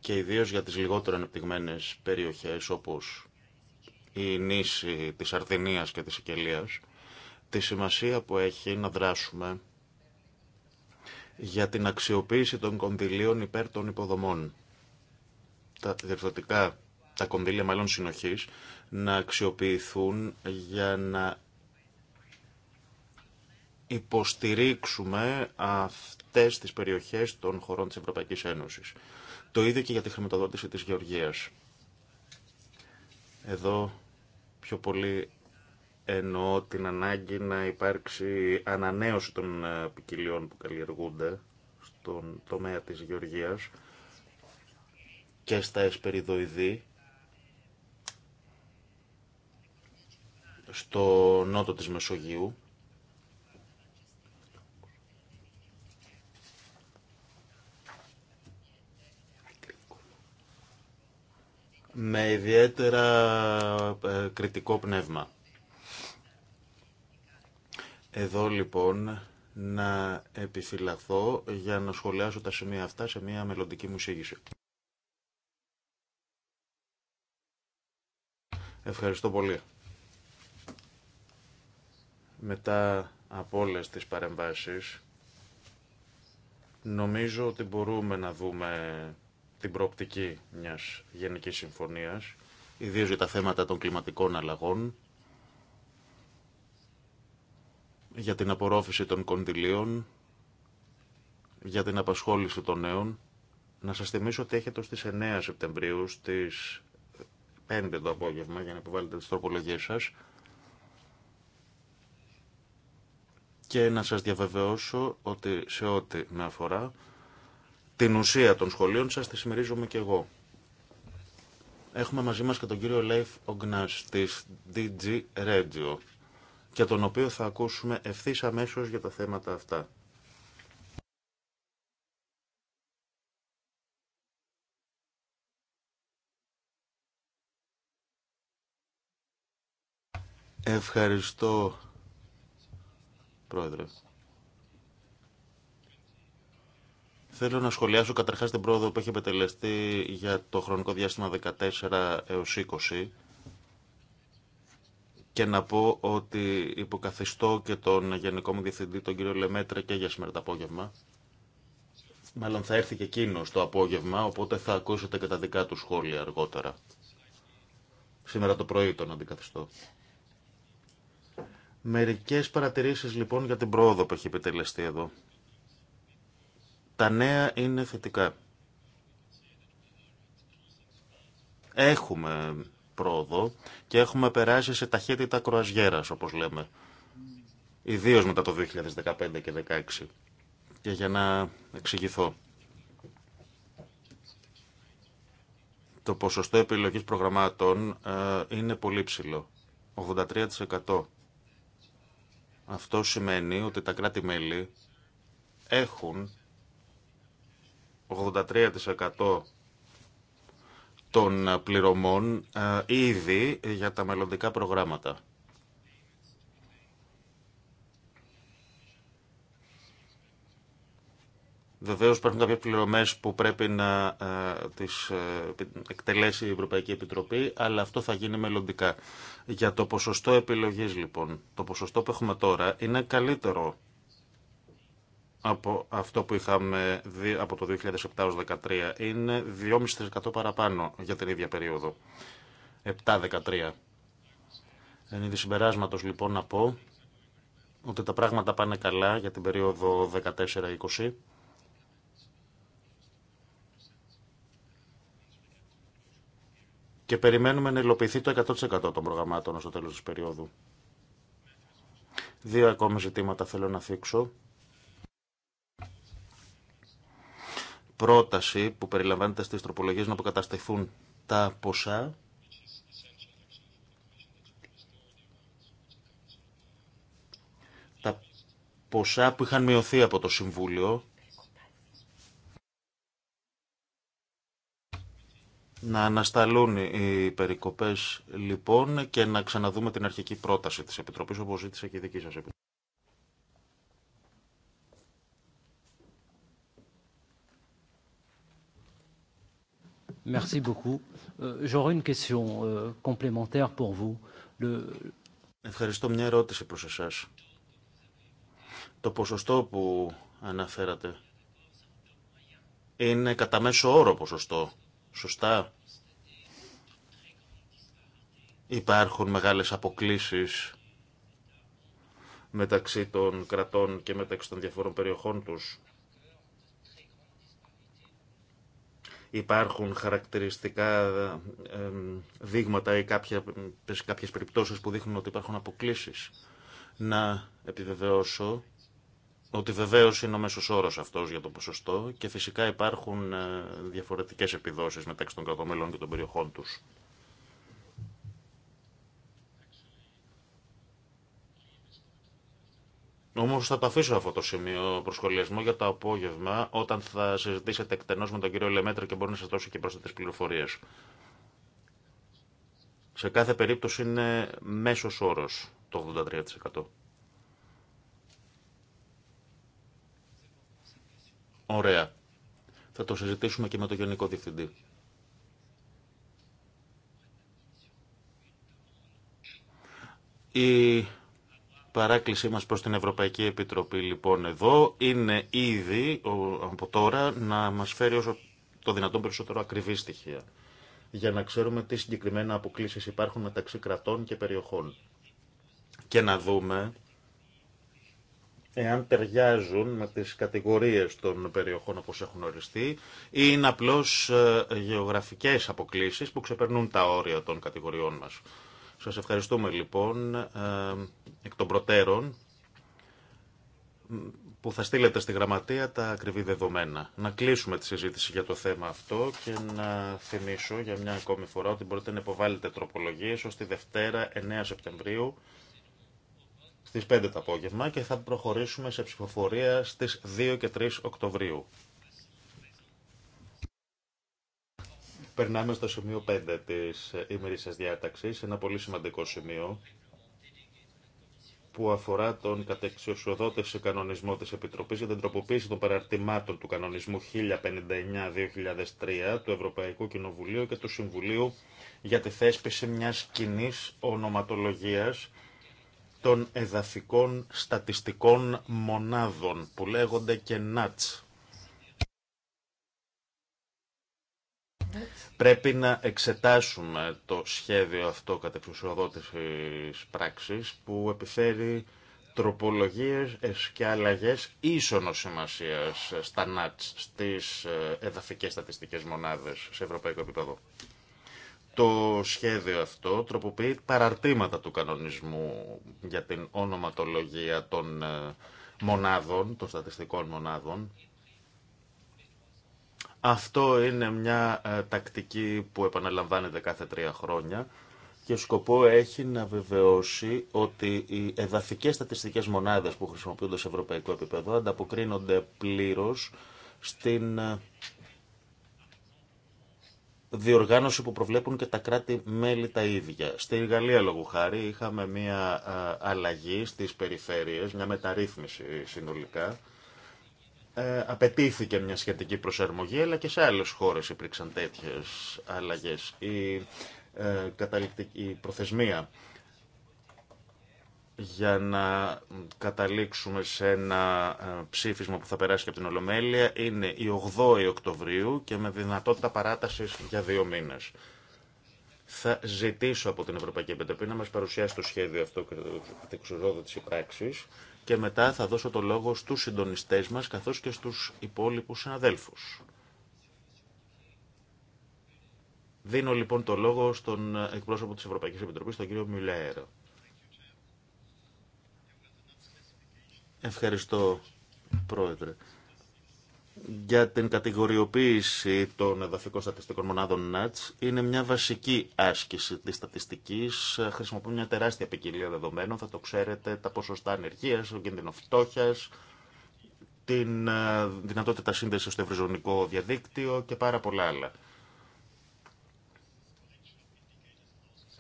και ιδίως για τις λιγότερο ανεπτυγμένες περιοχές όπως η νήσι της Αρδενίας και της Σικελίας, τη σημασία που έχει να δράσουμε για την αξιοποίηση των κονδυλίων υπέρ των υποδομών. Τα τα κονδύλια μάλλον συνοχής, να αξιοποιηθούν για να υποστηρίξουμε αυτές τις περιοχές των χωρών της Ευρωπαϊκής Ένωσης. Το ίδιο και για τη χρηματοδότηση της Γεωργίας. Εδώ πιο πολύ εννοώ την ανάγκη να υπάρξει ανανέωση των ε, ποικιλιών που καλλιεργούνται στον τομέα της Γεωργίας και στα εσπεριδοειδή στο νότο της Μεσογείου. με ιδιαίτερα ε, κριτικό πνεύμα. Εδώ λοιπόν να επιφυλαχθώ για να σχολιάσω τα σημεία αυτά σε μια μελλοντική μου σύγηση. Ευχαριστώ πολύ μετά από όλες τις παρεμβάσεις, νομίζω ότι μπορούμε να δούμε την προοπτική μιας γενικής συμφωνίας, ιδίως για τα θέματα των κλιματικών αλλαγών, για την απορρόφηση των κοντιλίων, για την απασχόληση των νέων. Να σας θυμίσω ότι έχετε στις 9 Σεπτεμβρίου, στις 5 το απόγευμα, για να επιβάλλετε τις τροπολογίες σας, και να σας διαβεβαιώσω ότι σε ό,τι με αφορά την ουσία των σχολείων σας τη συμμερίζομαι και εγώ. Έχουμε μαζί μας και τον κύριο Λέιφ Ογκνάς της DG Radio και τον οποίο θα ακούσουμε ευθύς αμέσως για τα θέματα αυτά. Ευχαριστώ Πρόεδρε. Θέλω να σχολιάσω καταρχάς την πρόοδο που έχει επιτελεστεί για το χρονικό διάστημα 14 έως 20 και να πω ότι υποκαθιστώ και τον Γενικό μου Διευθυντή, τον κύριο Λεμέτρα, και για σήμερα το απόγευμα. Μάλλον θα έρθει και εκείνο το απόγευμα, οπότε θα ακούσετε και τα δικά του σχόλια αργότερα. Σήμερα το πρωί τον αντικαθιστώ. Μερικέ παρατηρήσεις λοιπόν για την πρόοδο που έχει επιτελεστεί εδώ. Τα νέα είναι θετικά. Έχουμε πρόοδο και έχουμε περάσει σε ταχύτητα κροαζιέρας όπως λέμε. Ιδίως μετά το 2015 και 2016. Και για να εξηγηθώ. Το ποσοστό επιλογής προγραμμάτων ε, είναι πολύ ψηλό. 83%. Αυτό σημαίνει ότι τα κράτη-μέλη έχουν 83% των πληρωμών ε, ήδη για τα μελλοντικά προγράμματα. Βεβαίω υπάρχουν κάποιε πληρωμέ που πρέπει να ε, τι ε, εκτελέσει η Ευρωπαϊκή Επιτροπή, αλλά αυτό θα γίνει μελλοντικά. Για το ποσοστό επιλογή, λοιπόν, το ποσοστό που έχουμε τώρα είναι καλύτερο από αυτό που είχαμε από το 2007-2013. Είναι 2,5% παραπάνω για την ίδια περίοδο. 7-13. Εν είδη συμπεράσματο, λοιπόν, να πω ότι τα πράγματα πάνε καλά για την περίοδο 14-20 και περιμένουμε να υλοποιηθεί το 100% των προγραμμάτων στο το τέλος της περίοδου. Δύο ακόμα ζητήματα θέλω να θίξω. Πρόταση που περιλαμβάνεται στις τροπολογίες να αποκατασταθούν τα ποσά τα ποσά που είχαν μειωθεί από το Συμβούλιο Να ανασταλούν οι περικοπές λοιπόν και να ξαναδούμε την αρχική πρόταση της Επιτροπής όπως ζήτησε και η δική σας Επιτροπή. Merci beaucoup. Euh, j'aurais une question euh, complémentaire pour vous. Le... Ευχαριστώ μια ερώτηση προς εσάς. Το ποσοστό που αναφέρατε είναι κατά μέσο όρο ποσοστό Σωστά. Υπάρχουν μεγάλες αποκλίσεις μεταξύ των κρατών και μεταξύ των διαφορών περιοχών τους. Υπάρχουν χαρακτηριστικά δείγματα ή κάποιες περιπτώσεις που δείχνουν ότι υπάρχουν αποκλίσεις. Να επιβεβαιώσω ότι βεβαίω είναι ο μέσο όρο αυτό για το ποσοστό και φυσικά υπάρχουν ε, διαφορετικέ επιδόσει μεταξύ των κρατομέλων και των περιοχών του. Όμω θα το αφήσω αυτό το σημείο προσχολιασμό για το απόγευμα, όταν θα συζητήσετε εκτενώ με τον κύριο Λεμέτρα και μπορεί να σα δώσει και πρόσθετε πληροφορίε. Σε κάθε περίπτωση είναι μέσο όρο το 83%. Ωραία. Θα το συζητήσουμε και με τον Γενικό Διευθυντή. Η παράκλησή μας προς την Ευρωπαϊκή Επιτροπή λοιπόν εδώ είναι ήδη από τώρα να μας φέρει όσο το δυνατόν περισσότερο ακριβή στοιχεία για να ξέρουμε τι συγκεκριμένα αποκλήσεις υπάρχουν μεταξύ κρατών και περιοχών και να δούμε εάν ταιριάζουν με τις κατηγορίες των περιοχών όπως έχουν οριστεί ή είναι απλώς ε, γεωγραφικές αποκλήσεις που ξεπερνούν τα όρια των κατηγοριών μας. Σας ευχαριστούμε λοιπόν ε, εκ των προτέρων που θα στείλετε στη γραμματεία τα ακριβή δεδομένα. Να κλείσουμε τη συζήτηση για το θέμα αυτό και να θυμίσω για μια ακόμη φορά ότι μπορείτε να υποβάλλετε τροπολογίες ως τη Δευτέρα 9 Σεπτεμβρίου στις 5 το απόγευμα και θα προχωρήσουμε σε ψηφοφορία στις 2 και 3 Οκτωβρίου. Περνάμε στο σημείο 5 της ημερήσιας διάταξης, ένα πολύ σημαντικό σημείο που αφορά τον κατεξιοσιοδότηση κανονισμό της Επιτροπής για την τροποποίηση των παραρτημάτων του κανονισμού 1059-2003 του Ευρωπαϊκού Κοινοβουλίου και του Συμβουλίου για τη θέσπιση μιας κοινή ονοματολογίας των εδαφικών στατιστικών μονάδων που λέγονται και ΝΑΤΣ. Πρέπει να εξετάσουμε το σχέδιο αυτό κατά πράξη πράξης που επιφέρει τροπολογίες και αλλαγές ίσονος σημασία στα ΝΑΤΣ, στις ε, εδαφικές στατιστικές μονάδες σε ευρωπαϊκό επίπεδο. Το σχέδιο αυτό τροποποιεί παραρτήματα του κανονισμού για την ονοματολογία των ε, μονάδων, των στατιστικών μονάδων. Αυτό είναι μια ε, τακτική που επαναλαμβάνεται κάθε τρία χρόνια και σκοπό έχει να βεβαιώσει ότι οι εδαφικές στατιστικές μονάδες που χρησιμοποιούνται σε ευρωπαϊκό επίπεδο ανταποκρίνονται πλήρως στην ε, διοργάνωση που προβλέπουν και τα κράτη-μέλη τα ίδια. Στη Γαλλία, λόγω χάρη, είχαμε μια αλλαγή στις περιφέρειες, μια μεταρρύθμιση συνολικά. Ε, απαιτήθηκε μια σχετική προσαρμογή, αλλά και σε άλλες χώρες υπήρξαν τέτοιες αλλαγές. Η, ε, η προθεσμία για να καταλήξουμε σε ένα ε, ψήφισμα που θα περάσει και από την Ολομέλεια είναι η 8η Οκτωβρίου και με δυνατότητα παράτασης για δύο μήνες. Θα ζητήσω από την Ευρωπαϊκή Επιτροπή να μας παρουσιάσει το σχέδιο αυτό και το εξουσιόδο της και μετά θα δώσω το λόγο στους συντονιστές μας καθώς και στους υπόλοιπους συναδέλφους. Δίνω λοιπόν το λόγο στον εκπρόσωπο της Ευρωπαϊκής Επιτροπής, τον κύριο Μιλέρο. Ευχαριστώ, Πρόεδρε. Για την κατηγοριοποίηση των εδαφικών στατιστικών μονάδων ΝΑΤΣ είναι μια βασική άσκηση της στατιστικής. Χρησιμοποιούν μια τεράστια ποικιλία δεδομένων, θα το ξέρετε, τα ποσοστά ανεργίας, ο κίνδυνο φτώχειας, την ε, δυνατότητα σύνδεσης στο ευρυζωνικό διαδίκτυο και πάρα πολλά άλλα.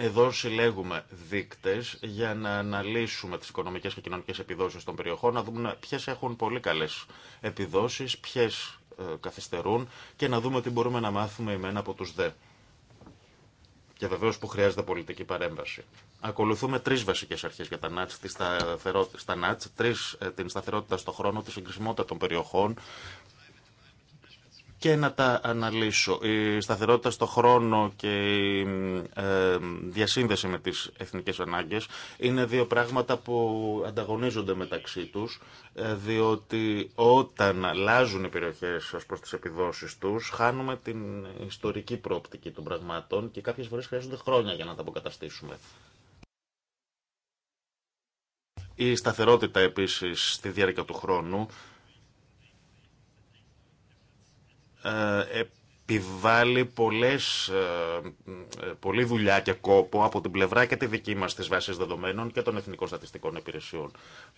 Εδώ συλλέγουμε δείκτε για να αναλύσουμε τι οικονομικέ και κοινωνικέ επιδόσει των περιοχών, να δούμε ποιε έχουν πολύ καλέ επιδόσει, ποιε ε, καθυστερούν και να δούμε τι μπορούμε να μάθουμε ημένα από του δε. Και βεβαίω που χρειάζεται πολιτική παρέμβαση. Ακολουθούμε τρει βασικέ αρχέ για τα ΝΑΤΣ, τρεις, ε, την σταθερότητα στον χρόνο, τη συγκρισιμότητα των περιοχών, και να τα αναλύσω. Η σταθερότητα στο χρόνο και η ε, διασύνδεση με τις εθνικές ανάγκες είναι δύο πράγματα που ανταγωνίζονται μεταξύ τους, ε, διότι όταν αλλάζουν οι περιοχές ως προς τις επιδόσεις τους, χάνουμε την ιστορική πρόπτικη των πραγμάτων και κάποιες φορές χρειάζονται χρόνια για να τα αποκαταστήσουμε. Η σταθερότητα επίσης στη διάρκεια του χρόνου ε, επιβάλλει πολλές, ε, ε, πολλή δουλειά και κόπο από την πλευρά και τη δική μας της βάσης δεδομένων και των Εθνικών Στατιστικών Υπηρεσιών.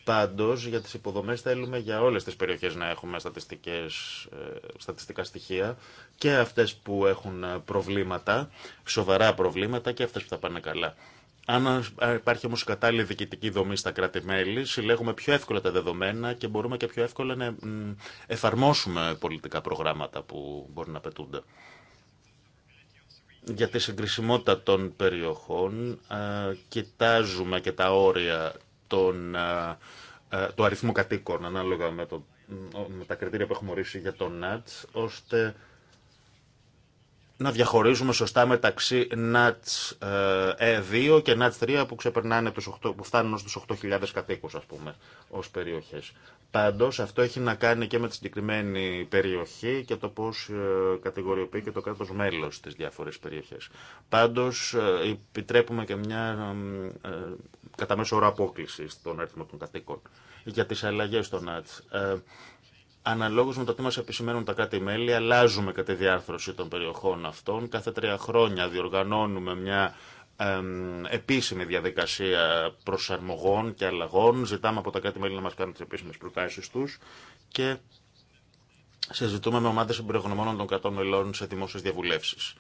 Πάντως, για τις υποδομές θέλουμε για όλες τις περιοχές να έχουμε στατιστικές, στατιστικά στοιχεία και αυτές που έχουν προβλήματα, σοβαρά προβλήματα και αυτές που θα πάνε καλά. Αν υπάρχει όμω κατάλληλη διοικητική δομή στα κράτη-μέλη, συλλέγουμε πιο εύκολα τα δεδομένα και μπορούμε και πιο εύκολα να εφαρμόσουμε πολιτικά προγράμματα που μπορεί να πετούνται. Για τη συγκρισιμότητα των περιοχών, ε, κοιτάζουμε και τα όρια των, ε, ε, του αριθμού κατοίκων ανάλογα με, το, με τα κριτήρια που έχουμε ορίσει για τον ΝΑΤΣ, ώστε να διαχωρίζουμε σωστά μεταξύ ΝΑΤΣ e 2 και ΝΑΤΣ 3 που, ξεπερνάνε τους 8, που φτάνουν στους 8.000 κατοίκους ας πούμε ως περιοχές. Πάντως αυτό έχει να κάνει και με τη συγκεκριμένη περιοχή και το πώς ε, κατηγοριοποιεί και το κράτος μέλος στις διάφορες περιοχές. Πάντως ε, επιτρέπουμε και μια ε, κατά μέσο όρο απόκληση στον αριθμό των κατοίκων για τις αλλαγές των ΝΑΤΣ. Αναλόγως με το τι μας επισημαίνουν τα κράτη-μέλη, αλλάζουμε κατά τη διάρθρωση των περιοχών αυτών. Κάθε τρία χρόνια διοργανώνουμε μια επίσημη διαδικασία προσαρμογών και αλλαγών. Ζητάμε από τα κράτη-μέλη να μας κάνουν τις επίσημες προτάσεις τους και συζητούμε με ομάδες εμπειρογνωμόνων των κρατών μελών σε δημόσιες διαβουλεύσεις.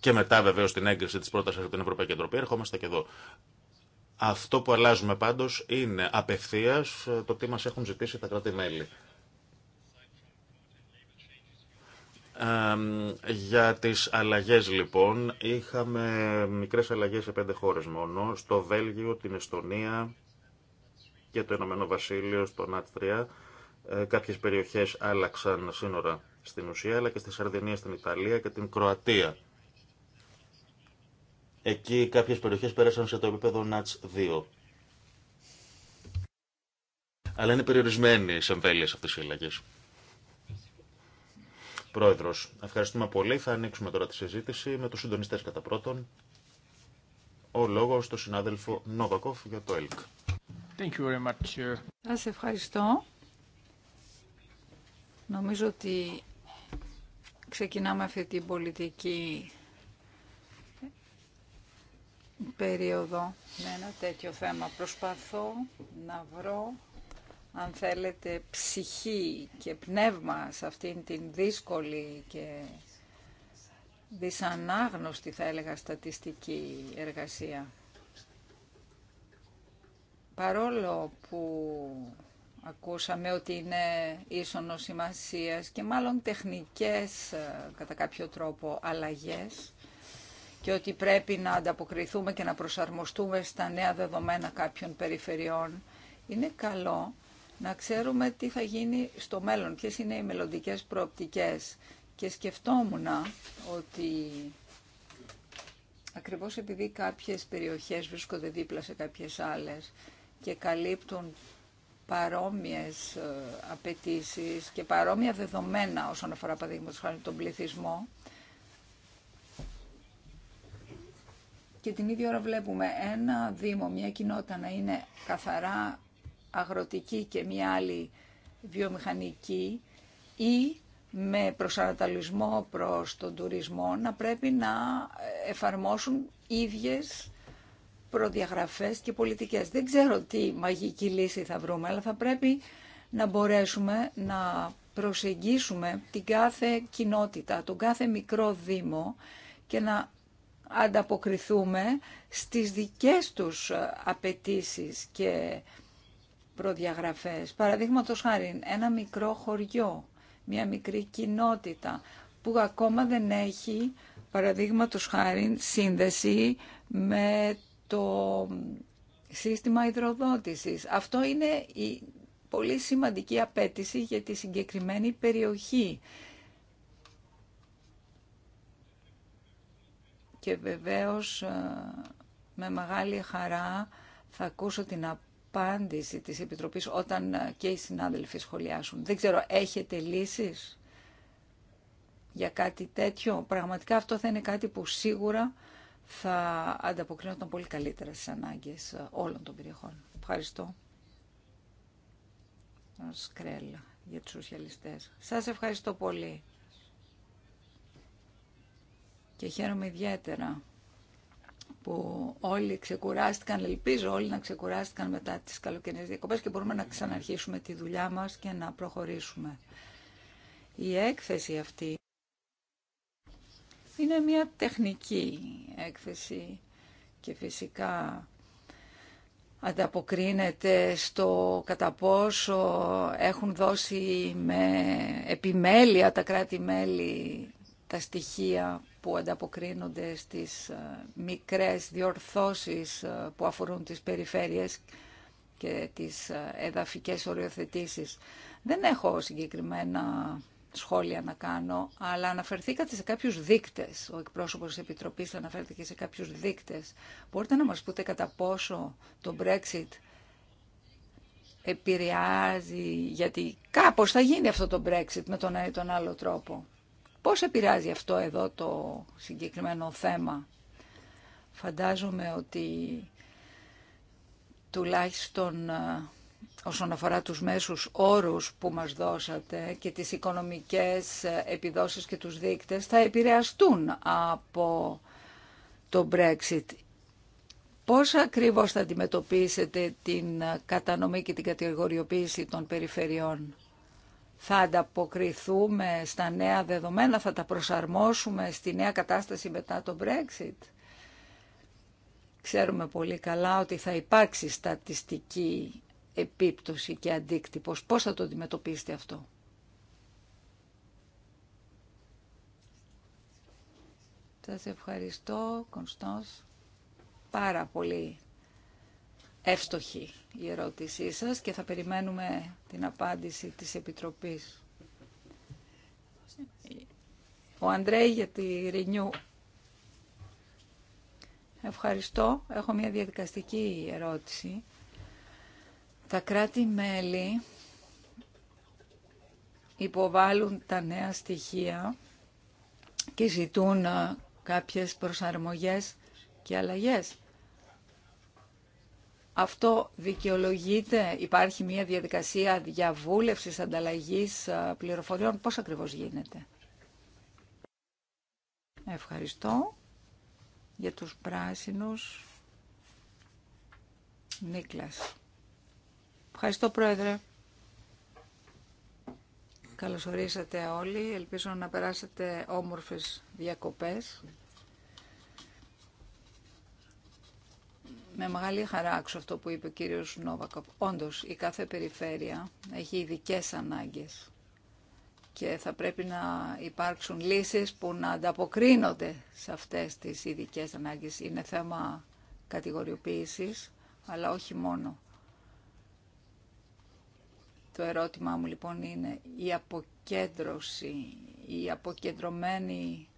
Και μετά βεβαίω την έγκριση τη πρόταση από την Ευρωπαϊκή Εντροπή, ερχόμαστε και εδώ. Αυτό που αλλάζουμε πάντως είναι απευθείας ε, το τι μας έχουν ζητήσει τα κράτη-μέλη. για τις αλλαγές λοιπόν, είχαμε μικρές αλλαγές σε πέντε χώρες μόνο, στο Βέλγιο, την Εστονία και το Ηνωμένο Βασίλειο, στον Άτρια. Ε, κάποιες περιοχές άλλαξαν σύνορα στην ουσία, αλλά και στη Σαρδινία, στην Ιταλία και την Κροατία. Εκεί κάποιες περιοχές πέρασαν σε το επίπεδο ΝΑΤΣ 2. Αλλά είναι περιορισμένοι σε εμβέλειες αυτές οι φυλακές. Πρόεδρος, ευχαριστούμε πολύ. Θα ανοίξουμε τώρα τη συζήτηση με τους συντονιστές κατά πρώτον. Ο λόγος στον συνάδελφο Νόβακοφ για το ΕΛΚ. Thank you very much. Σας ευχαριστώ. Νομίζω ότι ξεκινάμε αυτή την πολιτική περίοδο με ένα τέτοιο θέμα. Προσπαθώ να βρω, αν θέλετε, ψυχή και πνεύμα σε αυτήν την δύσκολη και δυσανάγνωστη, θα έλεγα, στατιστική εργασία. Παρόλο που ακούσαμε ότι είναι ίσονος σημασίας και μάλλον τεχνικές, ε, κατά κάποιο τρόπο, αλλαγές, και ότι πρέπει να ανταποκριθούμε και να προσαρμοστούμε στα νέα δεδομένα κάποιων περιφερειών, είναι καλό να ξέρουμε τι θα γίνει στο μέλλον, ποιες είναι οι μελλοντικές προοπτικές. Και σκεφτόμουν ότι ακριβώς επειδή κάποιες περιοχές βρίσκονται δίπλα σε κάποιες άλλες και καλύπτουν παρόμοιες ε, απαιτήσει και παρόμοια δεδομένα όσον αφορά παραδείγματος χάρη τον πληθυσμό, και την ίδια ώρα βλέπουμε ένα δήμο, μια κοινότητα να είναι καθαρά αγροτική και μια άλλη βιομηχανική ή με προσανατολισμό προς τον τουρισμό να πρέπει να εφαρμόσουν ίδιες προδιαγραφές και πολιτικές. Δεν ξέρω τι μαγική λύση θα βρούμε, αλλά θα πρέπει να μπορέσουμε να προσεγγίσουμε την κάθε κοινότητα, τον κάθε μικρό δήμο και να ανταποκριθούμε στις δικές τους απαιτήσει και προδιαγραφές. Παραδείγματος χάρη, ένα μικρό χωριό, μια μικρή κοινότητα που ακόμα δεν έχει, παραδείγματος χάρη, σύνδεση με το σύστημα υδροδότησης. Αυτό είναι η πολύ σημαντική απέτηση για τη συγκεκριμένη περιοχή και βεβαίως ε, με μεγάλη χαρά θα ακούσω την απάντηση της Επιτροπής όταν ε, και οι συνάδελφοι σχολιάσουν. Δεν ξέρω, έχετε λύσεις για κάτι τέτοιο. Πραγματικά αυτό θα είναι κάτι που σίγουρα θα ανταποκρίνονταν πολύ καλύτερα στις ανάγκες ε, όλων των περιοχών. Ευχαριστώ. Σκρέλα για τους σοσιαλιστές. Σας ευχαριστώ πολύ και χαίρομαι ιδιαίτερα που όλοι ξεκουράστηκαν, ελπίζω όλοι να ξεκουράστηκαν μετά τις καλοκαιρινές διακοπές και μπορούμε να ξαναρχίσουμε τη δουλειά μας και να προχωρήσουμε. Η έκθεση αυτή είναι μια τεχνική έκθεση και φυσικά ανταποκρίνεται στο κατά πόσο έχουν δώσει με επιμέλεια τα κράτη-μέλη τα στοιχεία που ανταποκρίνονται στις ε, μικρές διορθώσεις ε, που αφορούν τις περιφέρειες και τις ε, εδαφικές οριοθετήσεις. Δεν έχω συγκεκριμένα σχόλια να κάνω, αλλά αναφερθήκατε σε κάποιους δείκτες. Ο εκπρόσωπος της Επιτροπής αναφέρθηκε σε κάποιους δείκτες. Μπορείτε να μας πούτε κατά πόσο το Brexit επηρεάζει, γιατί κάπως θα γίνει αυτό το Brexit με τον ένα ή τον άλλο τρόπο. Πώς επηρεάζει αυτό εδώ το συγκεκριμένο θέμα. Φαντάζομαι ότι τουλάχιστον ε, όσον αφορά τους μέσους όρους που μας δώσατε και τις οικονομικές ε, επιδόσεις και τους δείκτες θα επηρεαστούν από το Brexit. Πώς ακριβώς θα αντιμετωπίσετε την κατανομή και την κατηγοριοποίηση των περιφερειών θα ανταποκριθούμε στα νέα δεδομένα, θα τα προσαρμόσουμε στη νέα κατάσταση μετά το Brexit. Ξέρουμε πολύ καλά ότι θα υπάρξει στατιστική επίπτωση και αντίκτυπος. Πώς θα το αντιμετωπίσετε αυτό. Σας ευχαριστώ, Κωνσταντ. πάρα πολύ εύστοχη η ερώτησή σας και θα περιμένουμε την απάντηση της Επιτροπής. Ο Αντρέη για τη Renew. Ευχαριστώ. Έχω μια διαδικαστική ερώτηση. Τα κράτη-μέλη υποβάλλουν τα νέα στοιχεία και ζητούν ε, κάποιες προσαρμογές και αλλαγές. Αυτό δικαιολογείται, υπάρχει μια διαδικασία διαβούλευσης, ανταλλαγής ε, πληροφοριών. Πώς ακριβώς γίνεται. Ευχαριστώ για τους πράσινους. Νίκλας. Ευχαριστώ Πρόεδρε. Καλωσορίσατε όλοι. Ελπίζω να περάσετε όμορφες διακοπές. με μεγάλη χαρά αυτό που είπε ο κύριος Νόβακοπ. Όντως, η κάθε περιφέρεια έχει ειδικέ ανάγκες και θα πρέπει να υπάρξουν λύσεις που να ανταποκρίνονται σε αυτές τις ειδικέ ανάγκες. Είναι θέμα κατηγοριοποίησης, αλλά όχι μόνο. Το ερώτημά μου λοιπόν είναι η αποκέντρωση, η αποκεντρωμένη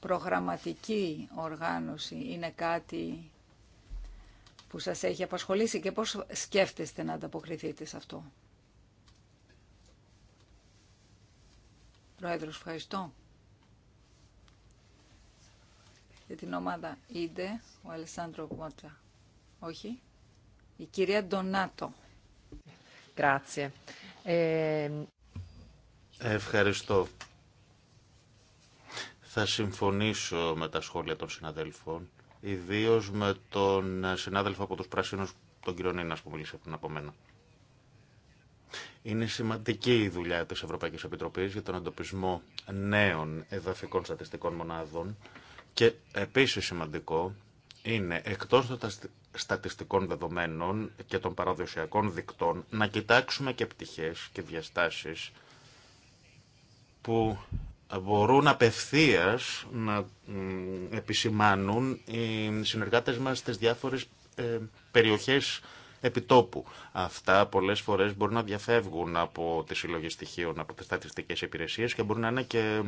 προγραμματική οργάνωση είναι κάτι που σας έχει απασχολήσει και πώς σκέφτεστε να ανταποκριθείτε σε αυτό. Πρόεδρος, ευχαριστώ. Για την ομάδα Ίντε, ο Αλεσάνδρο Μότσα. Όχι. Η κυρία Ντονάτο. Ε, ευχαριστώ. Θα συμφωνήσω με τα σχόλια των συναδέλφων. Ιδίω με τον συνάδελφο από τους πράσινου τον κύριο Νίνα, που μίλησε πριν από μένα. Είναι σημαντική η δουλειά της Ευρωπαϊκής Επιτροπής για τον εντοπισμό νέων εδαφικών στατιστικών μονάδων και επίσης σημαντικό είναι εκτός των στατιστικών δεδομένων και των παραδοσιακών δικτών να κοιτάξουμε και πτυχέ και διαστάσεις που μπορούν απευθείας να επισημάνουν οι συνεργάτες μας στις διάφορες ε, περιοχές επιτόπου. Αυτά πολλές φορές μπορούν να διαφεύγουν από τις συλλογές στοιχείων, από τις στατιστικές υπηρεσίες και μπορούν να είναι και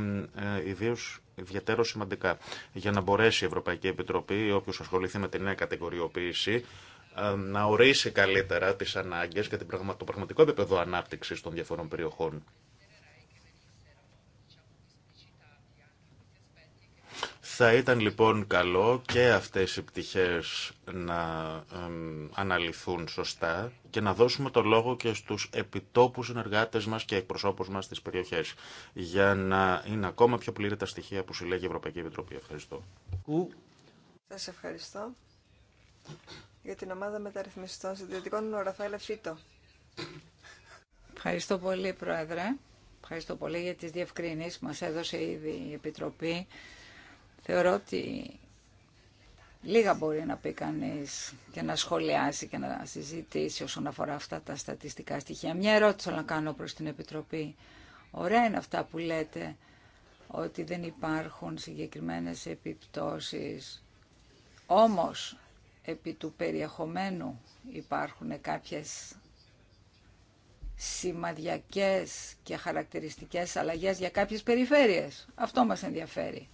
ε, ιδίω ιδιαίτερο σημαντικά. Για να μπορέσει η Ευρωπαϊκή Επιτροπή όποιο ασχοληθεί με τη νέα κατηγοριοποίηση ε, να ορίσει καλύτερα τις ανάγκες και το πραγματικό επίπεδο ανάπτυξης των διαφορών περιοχών Θα ήταν λοιπόν καλό και αυτές οι πτυχές να αναλυθούν σωστά και να δώσουμε το λόγο και στους επιτόπους συνεργάτες μας και εκπροσώπους μας στις περιοχές για να είναι ακόμα πιο πλήρη τα στοιχεία που συλλέγει η Ευρωπαϊκή Επιτροπή. Ευχαριστώ. Σας ευχαριστώ για την ομάδα μεταρρυθμιστών συντηρητικών ο Ραφαέλα Φίτο. Ευχαριστώ πολύ, Πρόεδρε. Ευχαριστώ πολύ για τις διευκρινήσεις που μας έδωσε ήδη η Επιτροπή Θεωρώ ότι λίγα μπορεί να πει κανεί και να σχολιάσει και να συζητήσει όσον αφορά αυτά τα στατιστικά στοιχεία. Μια ερώτηση να κάνω προς την Επιτροπή. Ωραία είναι αυτά που λέτε ότι δεν υπάρχουν συγκεκριμένες επιπτώσεις. Όμως, επί του περιεχομένου υπάρχουν κάποιες σημαδιακές και χαρακτηριστικές αλλαγές για κάποιες περιφέρειες. Αυτό μας ενδιαφέρει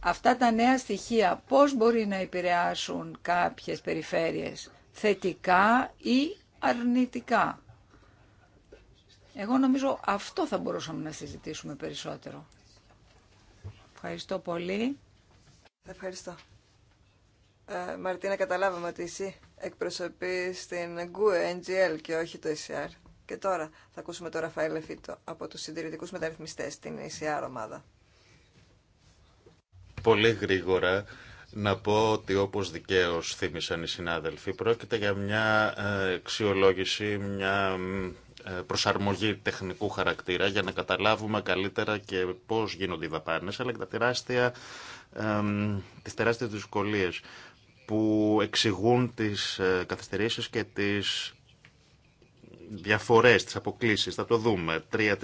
αυτά τα νέα στοιχεία πώς μπορεί να επηρεάσουν κάποιες περιφέρειες θετικά ή αρνητικά. Εγώ νομίζω αυτό θα μπορούσαμε να συζητήσουμε περισσότερο. Ευχαριστώ πολύ. Ευχαριστώ. Ε, Μαρτίνα, καταλάβαμε ότι εσύ εκπροσωπείς την GUE NGL και όχι το ECR. Και τώρα θα ακούσουμε τον Ραφαήλ από τους συντηρητικούς μεταρρυθμιστές στην ECR ομάδα πολύ γρήγορα να πω ότι όπως δικαίως θύμισαν οι συνάδελφοι, πρόκειται για μια ε, αξιολόγηση, μια ε, προσαρμογή τεχνικού χαρακτήρα για να καταλάβουμε καλύτερα και πώς γίνονται οι δαπάνες, αλλά και τα τεράστια, τις τεράστιες δυσκολίες που εξηγούν τις ε, καθυστερήσεις και τις διαφορές, τι αποκλήσει, θα το δούμε. 3%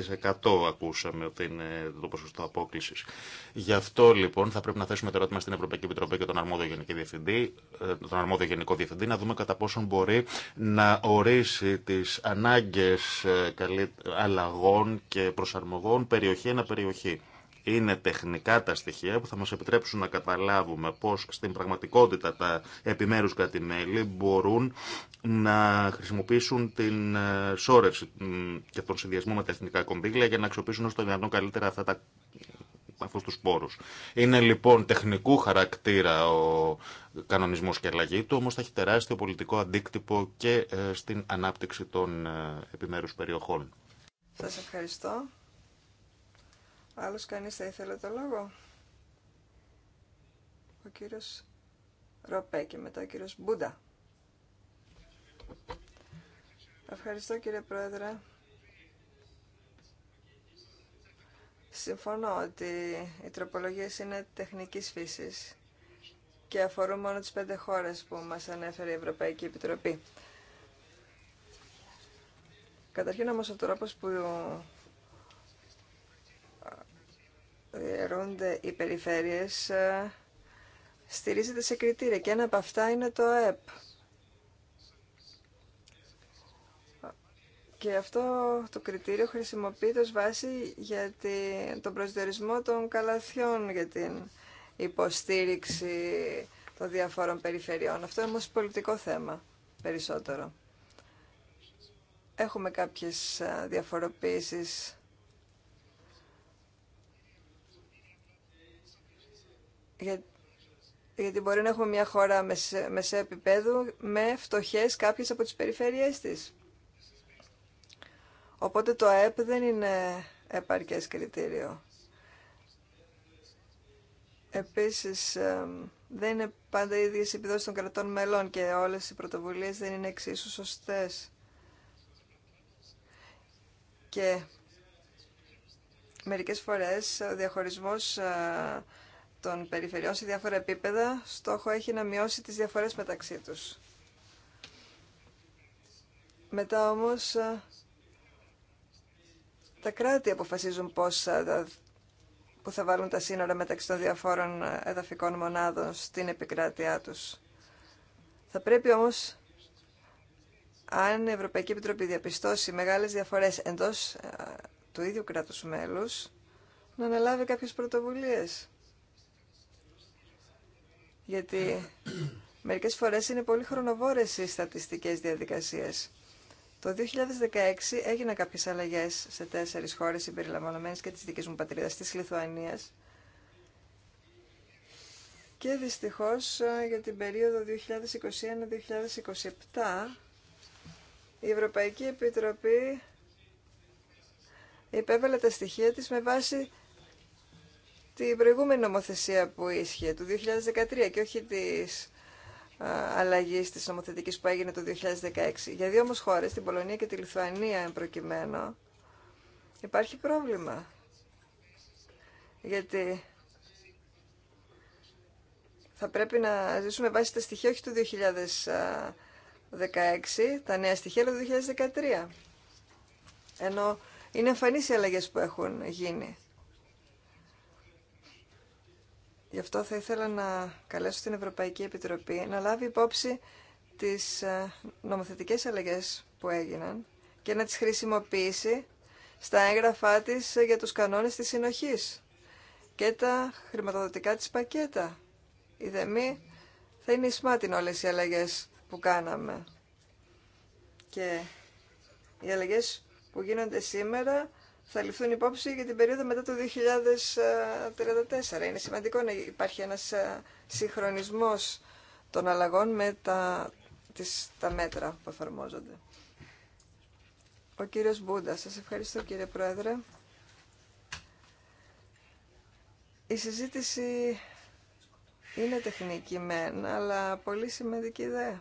ακούσαμε ότι είναι το ποσοστό απόκλησης. Γι' αυτό λοιπόν θα πρέπει να θέσουμε το ερώτημα στην Ευρωπαϊκή Επιτροπή και τον αρμόδιο Γενικό Διευθυντή, ε, τον αρμόδιο Γενικό Διευθυντή να δούμε κατά πόσον μπορεί να ορίσει τις ανάγκες ε, αλλαγών και προσαρμογών περιοχή ένα περιοχή. Είναι τεχνικά τα στοιχεία που θα μας επιτρέψουν να καταλάβουμε πώς στην πραγματικότητα τα επιμέρους κατημέλη μπορούν να χρησιμοποιήσουν την ε, σόρευση και τον συνδυασμό με τα εθνικά κονδύλια για να αξιοποιήσουν ως το δυνατόν καλύτερα αυτά τα αυτούς τους Είναι λοιπόν τεχνικού χαρακτήρα ο κανονισμός και αλλαγή του, όμως θα έχει τεράστιο πολιτικό αντίκτυπο και ε, στην ανάπτυξη των ε, επιμέρους περιοχών. Σας ευχαριστώ. Άλλος κανείς θα ήθελε το λόγο. Ο κύριος Ροπέ και μετά ο κύριος Μπούντα. Ευχαριστώ κύριε Πρόεδρε. Συμφωνώ ότι οι τροπολογίες είναι τεχνικής φύσης και αφορούν μόνο τις πέντε χώρες που μας ανέφερε η Ευρωπαϊκή Επιτροπή. Καταρχήν όμως ο τρόπος που διαιρούνται οι περιφέρειες ε, στηρίζεται σε κριτήρια και ένα από αυτά είναι το ΕΠ. Και αυτό το κριτήριο χρησιμοποιείται ως βάση για τον προσδιορισμό των καλαθιών για την υποστήριξη των διαφόρων περιφερειών. Αυτό είναι όμως πολιτικό θέμα περισσότερο. Έχουμε κάποιες ε, διαφοροποίησεις γιατί μπορεί να έχουμε μια χώρα σε επίπεδου με φτωχές κάποιες από τις περιφέρειές της. Οπότε το ΑΕΠ δεν είναι επαρκές κριτήριο. Επίσης, δεν είναι πάντα οι ίδιες επιδόσεις των κρατών μελών και όλες οι πρωτοβουλίες δεν είναι εξίσου σωστές. Και μερικές φορές ο διαχωρισμός ε, των περιφερειών σε διάφορα επίπεδα στόχο έχει να μειώσει τις διαφορές μεταξύ τους. Μετά όμως ε, τα κράτη αποφασίζουν πώς θα, ε, που θα βάλουν τα σύνορα μεταξύ των διαφόρων ε, εδαφικών μονάδων στην επικράτειά τους. Θα πρέπει όμως, αν η Ευρωπαϊκή Επιτροπή διαπιστώσει μεγάλες διαφορές εντός του ίδιου κράτους μέλους, να αναλάβει κάποιες πρωτοβουλίες γιατί μερικές φορές είναι πολύ χρονοβόρες οι στατιστικές διαδικασίες. Το 2016 έγιναν κάποιες αλλαγές σε τέσσερις χώρες συμπεριλαμβανομένες και της δικής μου πατρίδας, της Λιθουανίας. Και δυστυχώς ε, για την περίοδο 2021-2027 η Ευρωπαϊκή Επιτροπή υπέβαλε τα στοιχεία της με βάση την προηγούμενη νομοθεσία που ίσχυε του 2013 και όχι τη αλλαγή τη νομοθετική που έγινε το 2016. Για δύο όμω χώρε, την Πολωνία και τη Λιθουανία, εν προκειμένου, υπάρχει πρόβλημα. Γιατί θα πρέπει να ζήσουμε βάσει τα στοιχεία όχι του 2016, τα νέα στοιχεία, αλλά του 2013. Ενώ είναι εμφανεί οι αλλαγέ που έχουν γίνει. Γι' αυτό θα ήθελα να καλέσω την Ευρωπαϊκή Επιτροπή να λάβει υπόψη τις ε, νομοθετικές αλλαγές που έγιναν και να τις χρησιμοποιήσει στα έγγραφά της για τους κανόνες της συνοχής και τα χρηματοδοτικά της πακέτα. Η δεμή θα είναι ισμάτιν όλες οι αλλαγές που κάναμε. Και οι αλλαγές που γίνονται σήμερα θα ληφθούν υπόψη για την περίοδο μετά το 2034. Είναι σημαντικό να υπάρχει ένας ε, συγχρονισμός των αλλαγών με τα, τις, τα μέτρα που εφαρμόζονται. Ο κύριος Μπούντα, σας ευχαριστώ κύριε Πρόεδρε. Η συζήτηση είναι τεχνική μεν, αλλά πολύ σημαντική ιδέα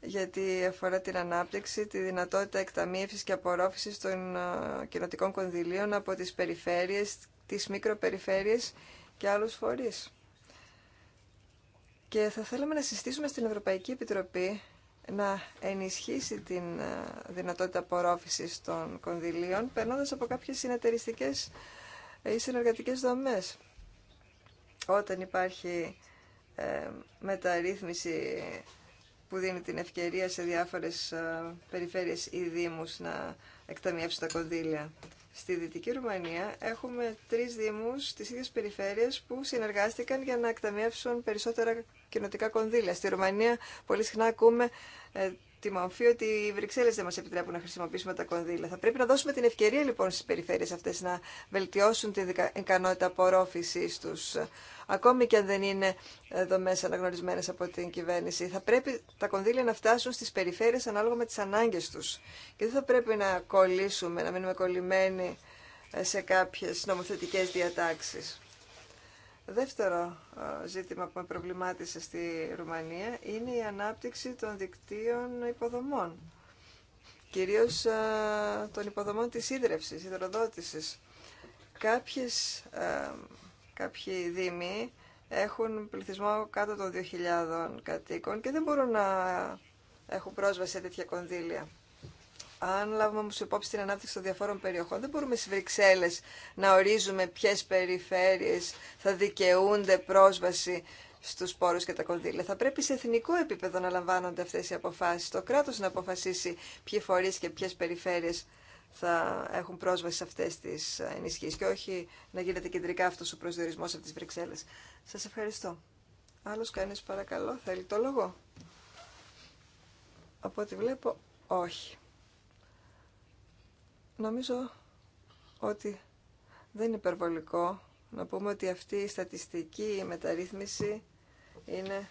γιατί αφορά την ανάπτυξη, τη δυνατότητα εκταμίευσης και απορρόφησης των ε, κοινοτικών κονδυλίων από τις περιφέρειες, τις μικροπεριφέρειες και άλλους φορείς. Και θα θέλαμε να συστήσουμε στην Ευρωπαϊκή Επιτροπή να ενισχύσει την ε, δυνατότητα απορρόφησης των κονδυλίων, περνώντας από κάποιες συνεταιριστικές ε, ή συνεργατικές δομές. Όταν υπάρχει μεταρρύθμιση που δίνει την ευκαιρία σε διάφορες ε, περιφέρειες ή δήμους να εκταμιεύσουν τα κονδύλια. Στη Δυτική Ρουμανία έχουμε τρεις δήμους της ίδιας περιφέρειας που συνεργάστηκαν για να εκταμιεύσουν περισσότερα κοινοτικά κονδύλια. Στη Ρουμανία πολύ συχνά ακούμε ε, τη μορφή ότι οι Βρυξέλλες δεν μας επιτρέπουν να χρησιμοποιήσουμε τα κονδύλια. Θα πρέπει να δώσουμε την ευκαιρία λοιπόν στις περιφέρειες αυτές να βελτιώσουν την ικανότητα απορρόφησής τους ακόμη και αν δεν είναι μέσα αναγνωρισμένε από την κυβέρνηση. Θα πρέπει τα κονδύλια να φτάσουν στι περιφέρειε ανάλογα με τι ανάγκε του. Και δεν θα πρέπει να κολλήσουμε, να μείνουμε κολλημένοι ε, σε κάποιε νομοθετικέ διατάξει. Δεύτερο ε, ζήτημα που με προβλημάτισε στη Ρουμανία είναι η ανάπτυξη των δικτύων υποδομών. Κυρίως ε, των υποδομών της ίδρευσης, ιδροδότησης. Κάποιες Κάποιοι δήμοι έχουν πληθυσμό κάτω των 2.000 κατοίκων και δεν μπορούν να έχουν πρόσβαση σε τέτοια κονδύλια. Αν λάβουμε όμω υπόψη την ανάπτυξη των διαφόρων περιοχών, δεν μπορούμε στι Βρυξέλλε να ορίζουμε ποιε περιφέρειες θα δικαιούνται πρόσβαση στου πόρου και τα κονδύλια. Θα πρέπει σε εθνικό επίπεδο να λαμβάνονται αυτέ οι αποφάσει. Το κράτο να αποφασίσει ποιοι φορεί και ποιε περιφέρειες θα έχουν πρόσβαση σε αυτές τις ενισχύσεις και όχι να γίνεται κεντρικά αυτός ο προσδιορισμός από τις Βρυξέλλες. Σας ευχαριστώ. Άλλος κανείς παρακαλώ, θέλει το λόγο. Από ό,τι βλέπω, όχι. Νομίζω ότι δεν είναι υπερβολικό να πούμε ότι αυτή η στατιστική μεταρρύθμιση είναι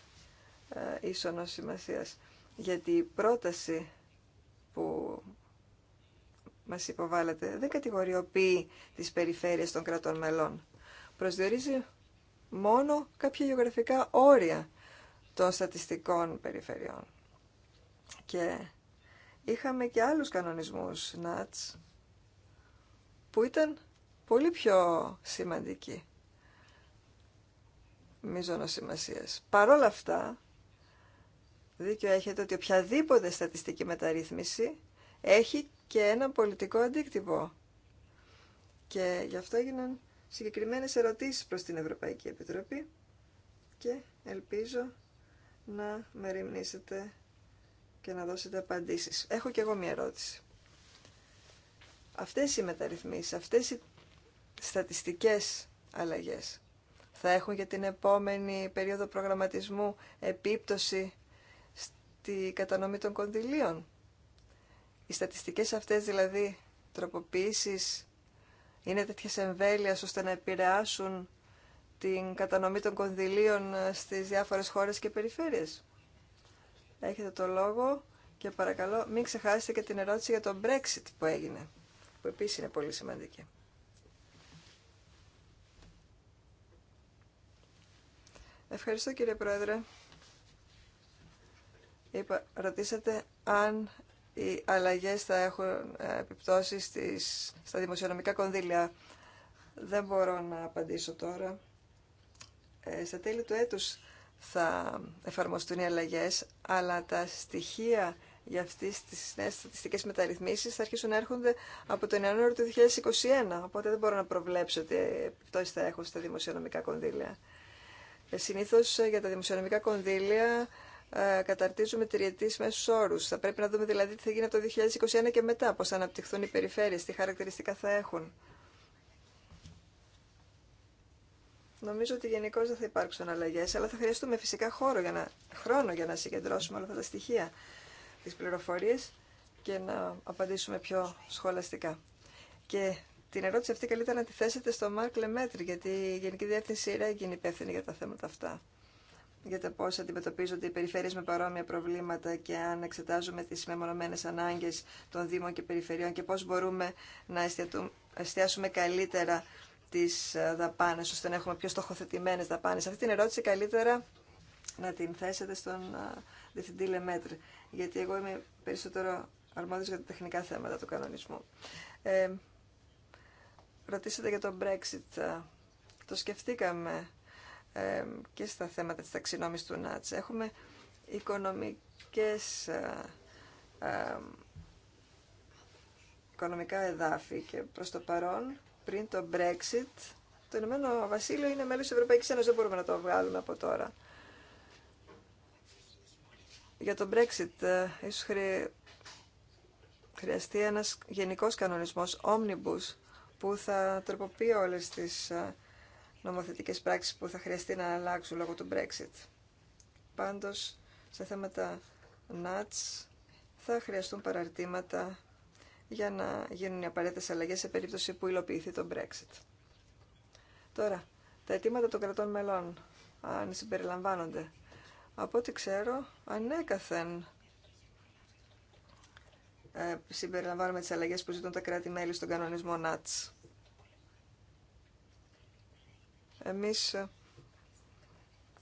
ε, ίσονος σημασίας. Γιατί η πρόταση που μα υποβάλλατε δεν κατηγοριοποιεί τις περιφέρειες των κρατών μελών. Προσδιορίζει μόνο κάποια γεωγραφικά όρια των στατιστικών περιφερειών. Και είχαμε και άλλους κανονισμούς ΝΑΤΣ που ήταν πολύ πιο σημαντικοί μίζωνος σημασίας. Παρ' όλα αυτά, δίκιο έχετε ότι οποιαδήποτε στατιστική μεταρρύθμιση έχει και ένα πολιτικό αντίκτυπο. Και γι' αυτό έγιναν συγκεκριμένες ερωτήσεις προς την Ευρωπαϊκή Επιτροπή και ελπίζω να μεριμνήσετε και να δώσετε απαντήσεις. Έχω και εγώ μια ερώτηση. Αυτές οι μεταρρυθμίσεις, αυτές οι στατιστικές αλλαγές θα έχουν για την επόμενη περίοδο προγραμματισμού επίπτωση στη κατανομή των κονδυλίων οι στατιστικές αυτές δηλαδή τροποποίησεις είναι τέτοιες εμβέλειας ώστε να επηρεάσουν την κατανομή των κονδυλίων ε, στις διάφορες χώρες και περιφέρειες. Έχετε το λόγο και παρακαλώ μην ξεχάσετε και την ερώτηση για το Brexit που έγινε, που επίσης είναι πολύ σημαντική. Ευχαριστώ κύριε Πρόεδρε. Είπα, ρωτήσατε αν οι αλλαγές θα έχουν ε, επιπτώσεις στις, στα δημοσιονομικά κονδύλια. Δεν μπορώ να απαντήσω τώρα. Ε, στα τέλη του έτους θα εφαρμοστούν οι αλλαγές, αλλά τα στοιχεία για αυτές τις νέες στατιστικές μεταρρυθμίσεις θα αρχίσουν να έρχονται από τον Ιανουάριο του 2021, οπότε δεν μπορώ να προβλέψω ότι επιπτώσεις θα έχουν στα δημοσιονομικά κονδύλια. Ε, συνήθως ε, για τα δημοσιονομικά κονδύλια ε, καταρτίζουμε τριετή μέσου όρου. Θα πρέπει να δούμε δηλαδή τι θα γίνει από το 2021 και μετά, πώ θα αναπτυχθούν οι περιφέρειε, τι χαρακτηριστικά θα έχουν. Νομίζω ότι γενικώ δεν θα υπάρξουν αλλαγέ, αλλά θα χρειαστούμε φυσικά χώρο για να, χρόνο για να συγκεντρώσουμε όλα αυτά τα στοιχεία, τι πληροφορίε και να απαντήσουμε πιο σχολαστικά. Και την ερώτηση αυτή καλύτερα να τη θέσετε στο Μάρκ Λεμέτρη, γιατί η Γενική Διεύθυνση ΡΕΓ είναι υπεύθυνη για τα θέματα αυτά για το πώς αντιμετωπίζονται οι περιφέρειες με παρόμοια προβλήματα και αν εξετάζουμε τις μεμονωμένες ανάγκες των Δήμων και Περιφερειών και πώς μπορούμε να εστιάσουμε καλύτερα τις ε, δαπάνες, ώστε να έχουμε πιο στοχοθετημένες δαπάνες. Αυτή την ερώτηση καλύτερα να την θέσετε στον ε, Διευθυντή Λεμέτρ, γιατί εγώ είμαι περισσότερο αρμόδιος για τα τεχνικά θέματα του κανονισμού. Ε, ρωτήσατε για το Brexit. Ε, το σκεφτήκαμε και στα θέματα της ταξινόμησης του ΝΑΤΣ. Έχουμε οικονομικές, ε, οικονομικά εδάφη και προς το παρόν, πριν το Brexit, το Ηνωμένο Βασίλειο είναι μέλος της Ευρωπαϊκής Ένωσης, δεν μπορούμε να το βγάλουμε από τώρα. Για το Brexit, ε, ίσως χρειαστεί ένας γενικός κανονισμός, omnibus, που θα τροποποιεί όλες τις ε, νομοθετικές πράξεις που θα χρειαστεί να αλλάξουν λόγω του Brexit. Πάντως, σε θέματα ΝΑΤΣ θα χρειαστούν παραρτήματα για να γίνουν οι απαραίτητες αλλαγές σε περίπτωση που υλοποιηθεί το Brexit. Τώρα, τα αιτήματα των κρατών μελών, αν συμπεριλαμβάνονται. Από ό,τι ξέρω, ανέκαθεν ε, συμπεριλαμβάνουμε τις αλλαγές που ζητούν τα κράτη-μέλη στον κανονισμό ΝΑΤΣ. Εμείς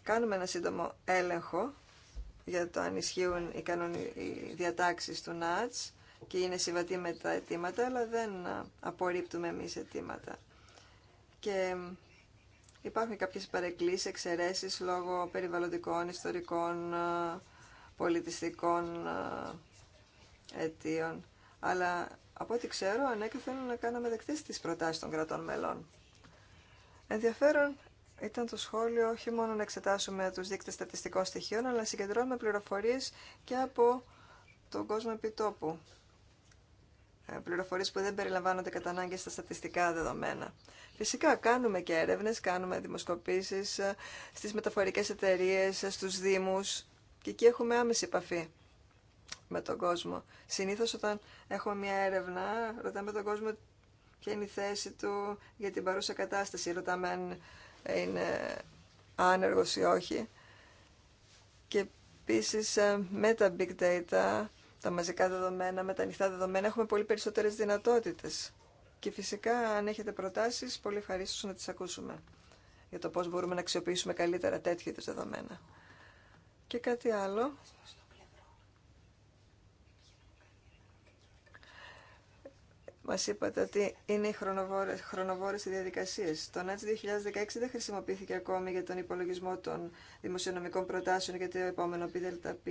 κάνουμε ένα σύντομο έλεγχο για το αν ισχύουν οι, κανονι... διατάξεις του ΝΑΤΣ και είναι συμβατοί με τα αιτήματα, αλλά δεν απορρίπτουμε εμείς αιτήματα. Και υπάρχουν κάποιες παρεκκλήσεις, εξαιρέσεις λόγω περιβαλλοντικών, ιστορικών, πολιτιστικών ε, αιτίων. Αλλά από ό,τι ξέρω, ανέκαθεν να κάναμε δεκτές τις προτάσεις των κρατών μελών. Ενδιαφέρον ήταν το σχόλιο όχι μόνο να εξετάσουμε τους δείκτες στατιστικών στοιχείων, αλλά συγκεντρώνουμε πληροφορίες και από τον κόσμο επιτόπου. Ε, πληροφορίες που δεν περιλαμβάνονται κατά ανάγκη στα στατιστικά δεδομένα. Φυσικά κάνουμε και έρευνες, κάνουμε δημοσκοπήσεις ε, στις μεταφορικές εταιρείες, ε, στους δήμους και εκεί έχουμε άμεση επαφή με τον κόσμο. Συνήθως όταν έχουμε μια έρευνα, ρωτάμε τον κόσμο ποια είναι η θέση του για την παρούσα κατάσταση. Ρωτάμε αν είναι άνεργος ή όχι. Και επίση ε, με τα big data, τα μαζικά δεδομένα, με τα ανοιχτά δεδομένα έχουμε πολύ περισσότερες δυνατότητες. Και φυσικά αν έχετε προτάσεις, πολύ ευχαρίστω να τις ακούσουμε για το πώς μπορούμε να αξιοποιήσουμε καλύτερα τέτοια δεδομένα. Και κάτι άλλο Μας είπατε ότι είναι χρονοβόρες, χρονοβόρες οι διαδικασίες. Το ΝΑΤΣ 2016 δεν χρησιμοποιήθηκε ακόμη για τον υπολογισμό των δημοσιονομικών προτάσεων για το επόμενο ΠΔΠ.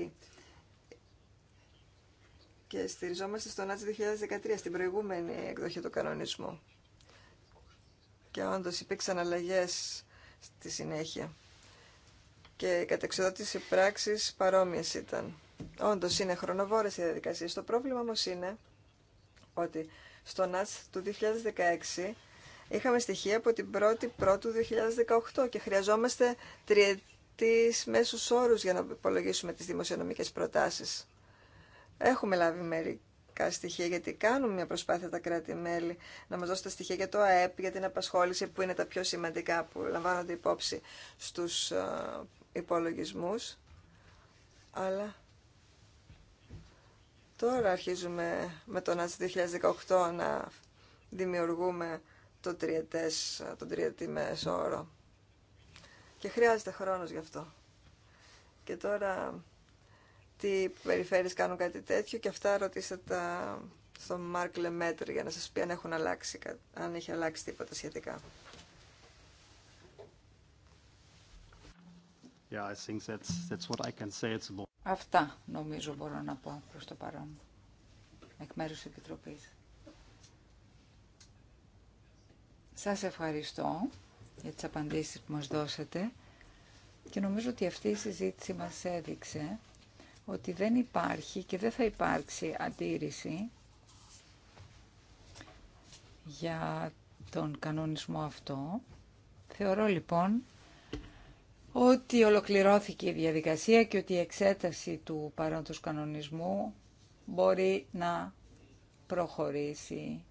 Και στηριζόμαστε στο ΝΑΤΣ 2013, στην προηγούμενη εκδοχή του κανονισμού. Και όντω υπήρξαν αλλαγέ στη συνέχεια. Και η κατεξοδότηση πράξη παρόμοιε ήταν. Όντω είναι χρονοβόρε οι διαδικασίε. Το πρόβλημα όμω είναι ότι στο ΝΑΤΣ του 2016 είχαμε στοιχεία από την 1η Πρώτου 2018 και χρειαζόμαστε τριετής μέσους όρους για να υπολογίσουμε τις δημοσιονομικές προτάσεις. Έχουμε λάβει μερικά στοιχεία γιατί κάνουμε μια προσπάθεια τα κράτη-μέλη να μας δώσουν τα στοιχεία για το ΑΕΠ, για την απασχόληση που είναι τα πιο σημαντικά που λαμβάνονται υπόψη στους ε, υπολογισμούς. Αλλά Τώρα αρχίζουμε με τον ΑΣ 2018 να δημιουργούμε το τριετές, τον μέσο όρο. Και χρειάζεται χρόνος γι' αυτό. Και τώρα τι περιφέρεις κάνουν κάτι τέτοιο και αυτά ρωτήσατε στον Μάρκ Λεμέτρ για να σας πει αν, έχουν αλλάξει, αν έχει αλλάξει τίποτα σχετικά. Yeah, that's, what I can say. It's Αυτά νομίζω μπορώ να πω προς το παρόν εκ μέρους της Επιτροπής. Σας ευχαριστώ για τις απαντήσεις που μας δώσατε και νομίζω ότι αυτή η συζήτηση μας έδειξε ότι δεν υπάρχει και δεν θα υπάρξει αντίρρηση για τον κανονισμό αυτό. Θεωρώ λοιπόν ότι ολοκληρώθηκε η διαδικασία και ότι η εξέταση του παρόντος κανονισμού μπορεί να προχωρήσει.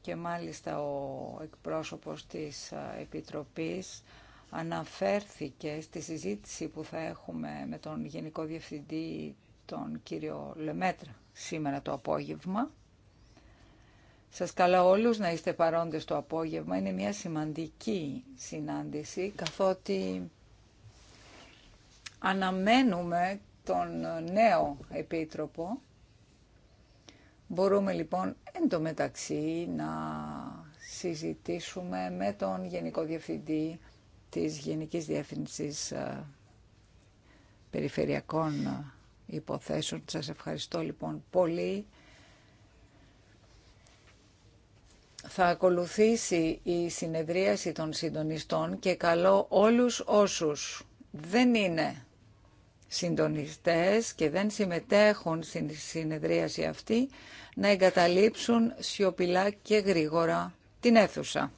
Και μάλιστα ο εκπρόσωπος της Επιτροπής αναφέρθηκε στη συζήτηση που θα έχουμε με τον Γενικό Διευθυντή, τον κύριο Λεμέτρα, σήμερα το απόγευμα. Σας καλώ όλους να είστε παρόντες το απόγευμα. Είναι μια σημαντική συνάντηση, καθότι αναμένουμε τον νέο επίτροπο. Μπορούμε λοιπόν εν να συζητήσουμε με τον Γενικό Διευθυντή της Γενικής Διεύθυνσης ε, Περιφερειακών Υποθέσεων. Σας ευχαριστώ λοιπόν πολύ. θα ακολουθήσει η συνεδρίαση των συντονιστών και καλώ όλους όσους δεν είναι συντονιστές και δεν συμμετέχουν στην συνεδρίαση αυτή να εγκαταλείψουν σιωπηλά και γρήγορα την αίθουσα.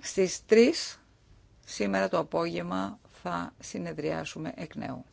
Στις 3 σήμερα το απόγευμα θα συνεδριάσουμε εκ νέου.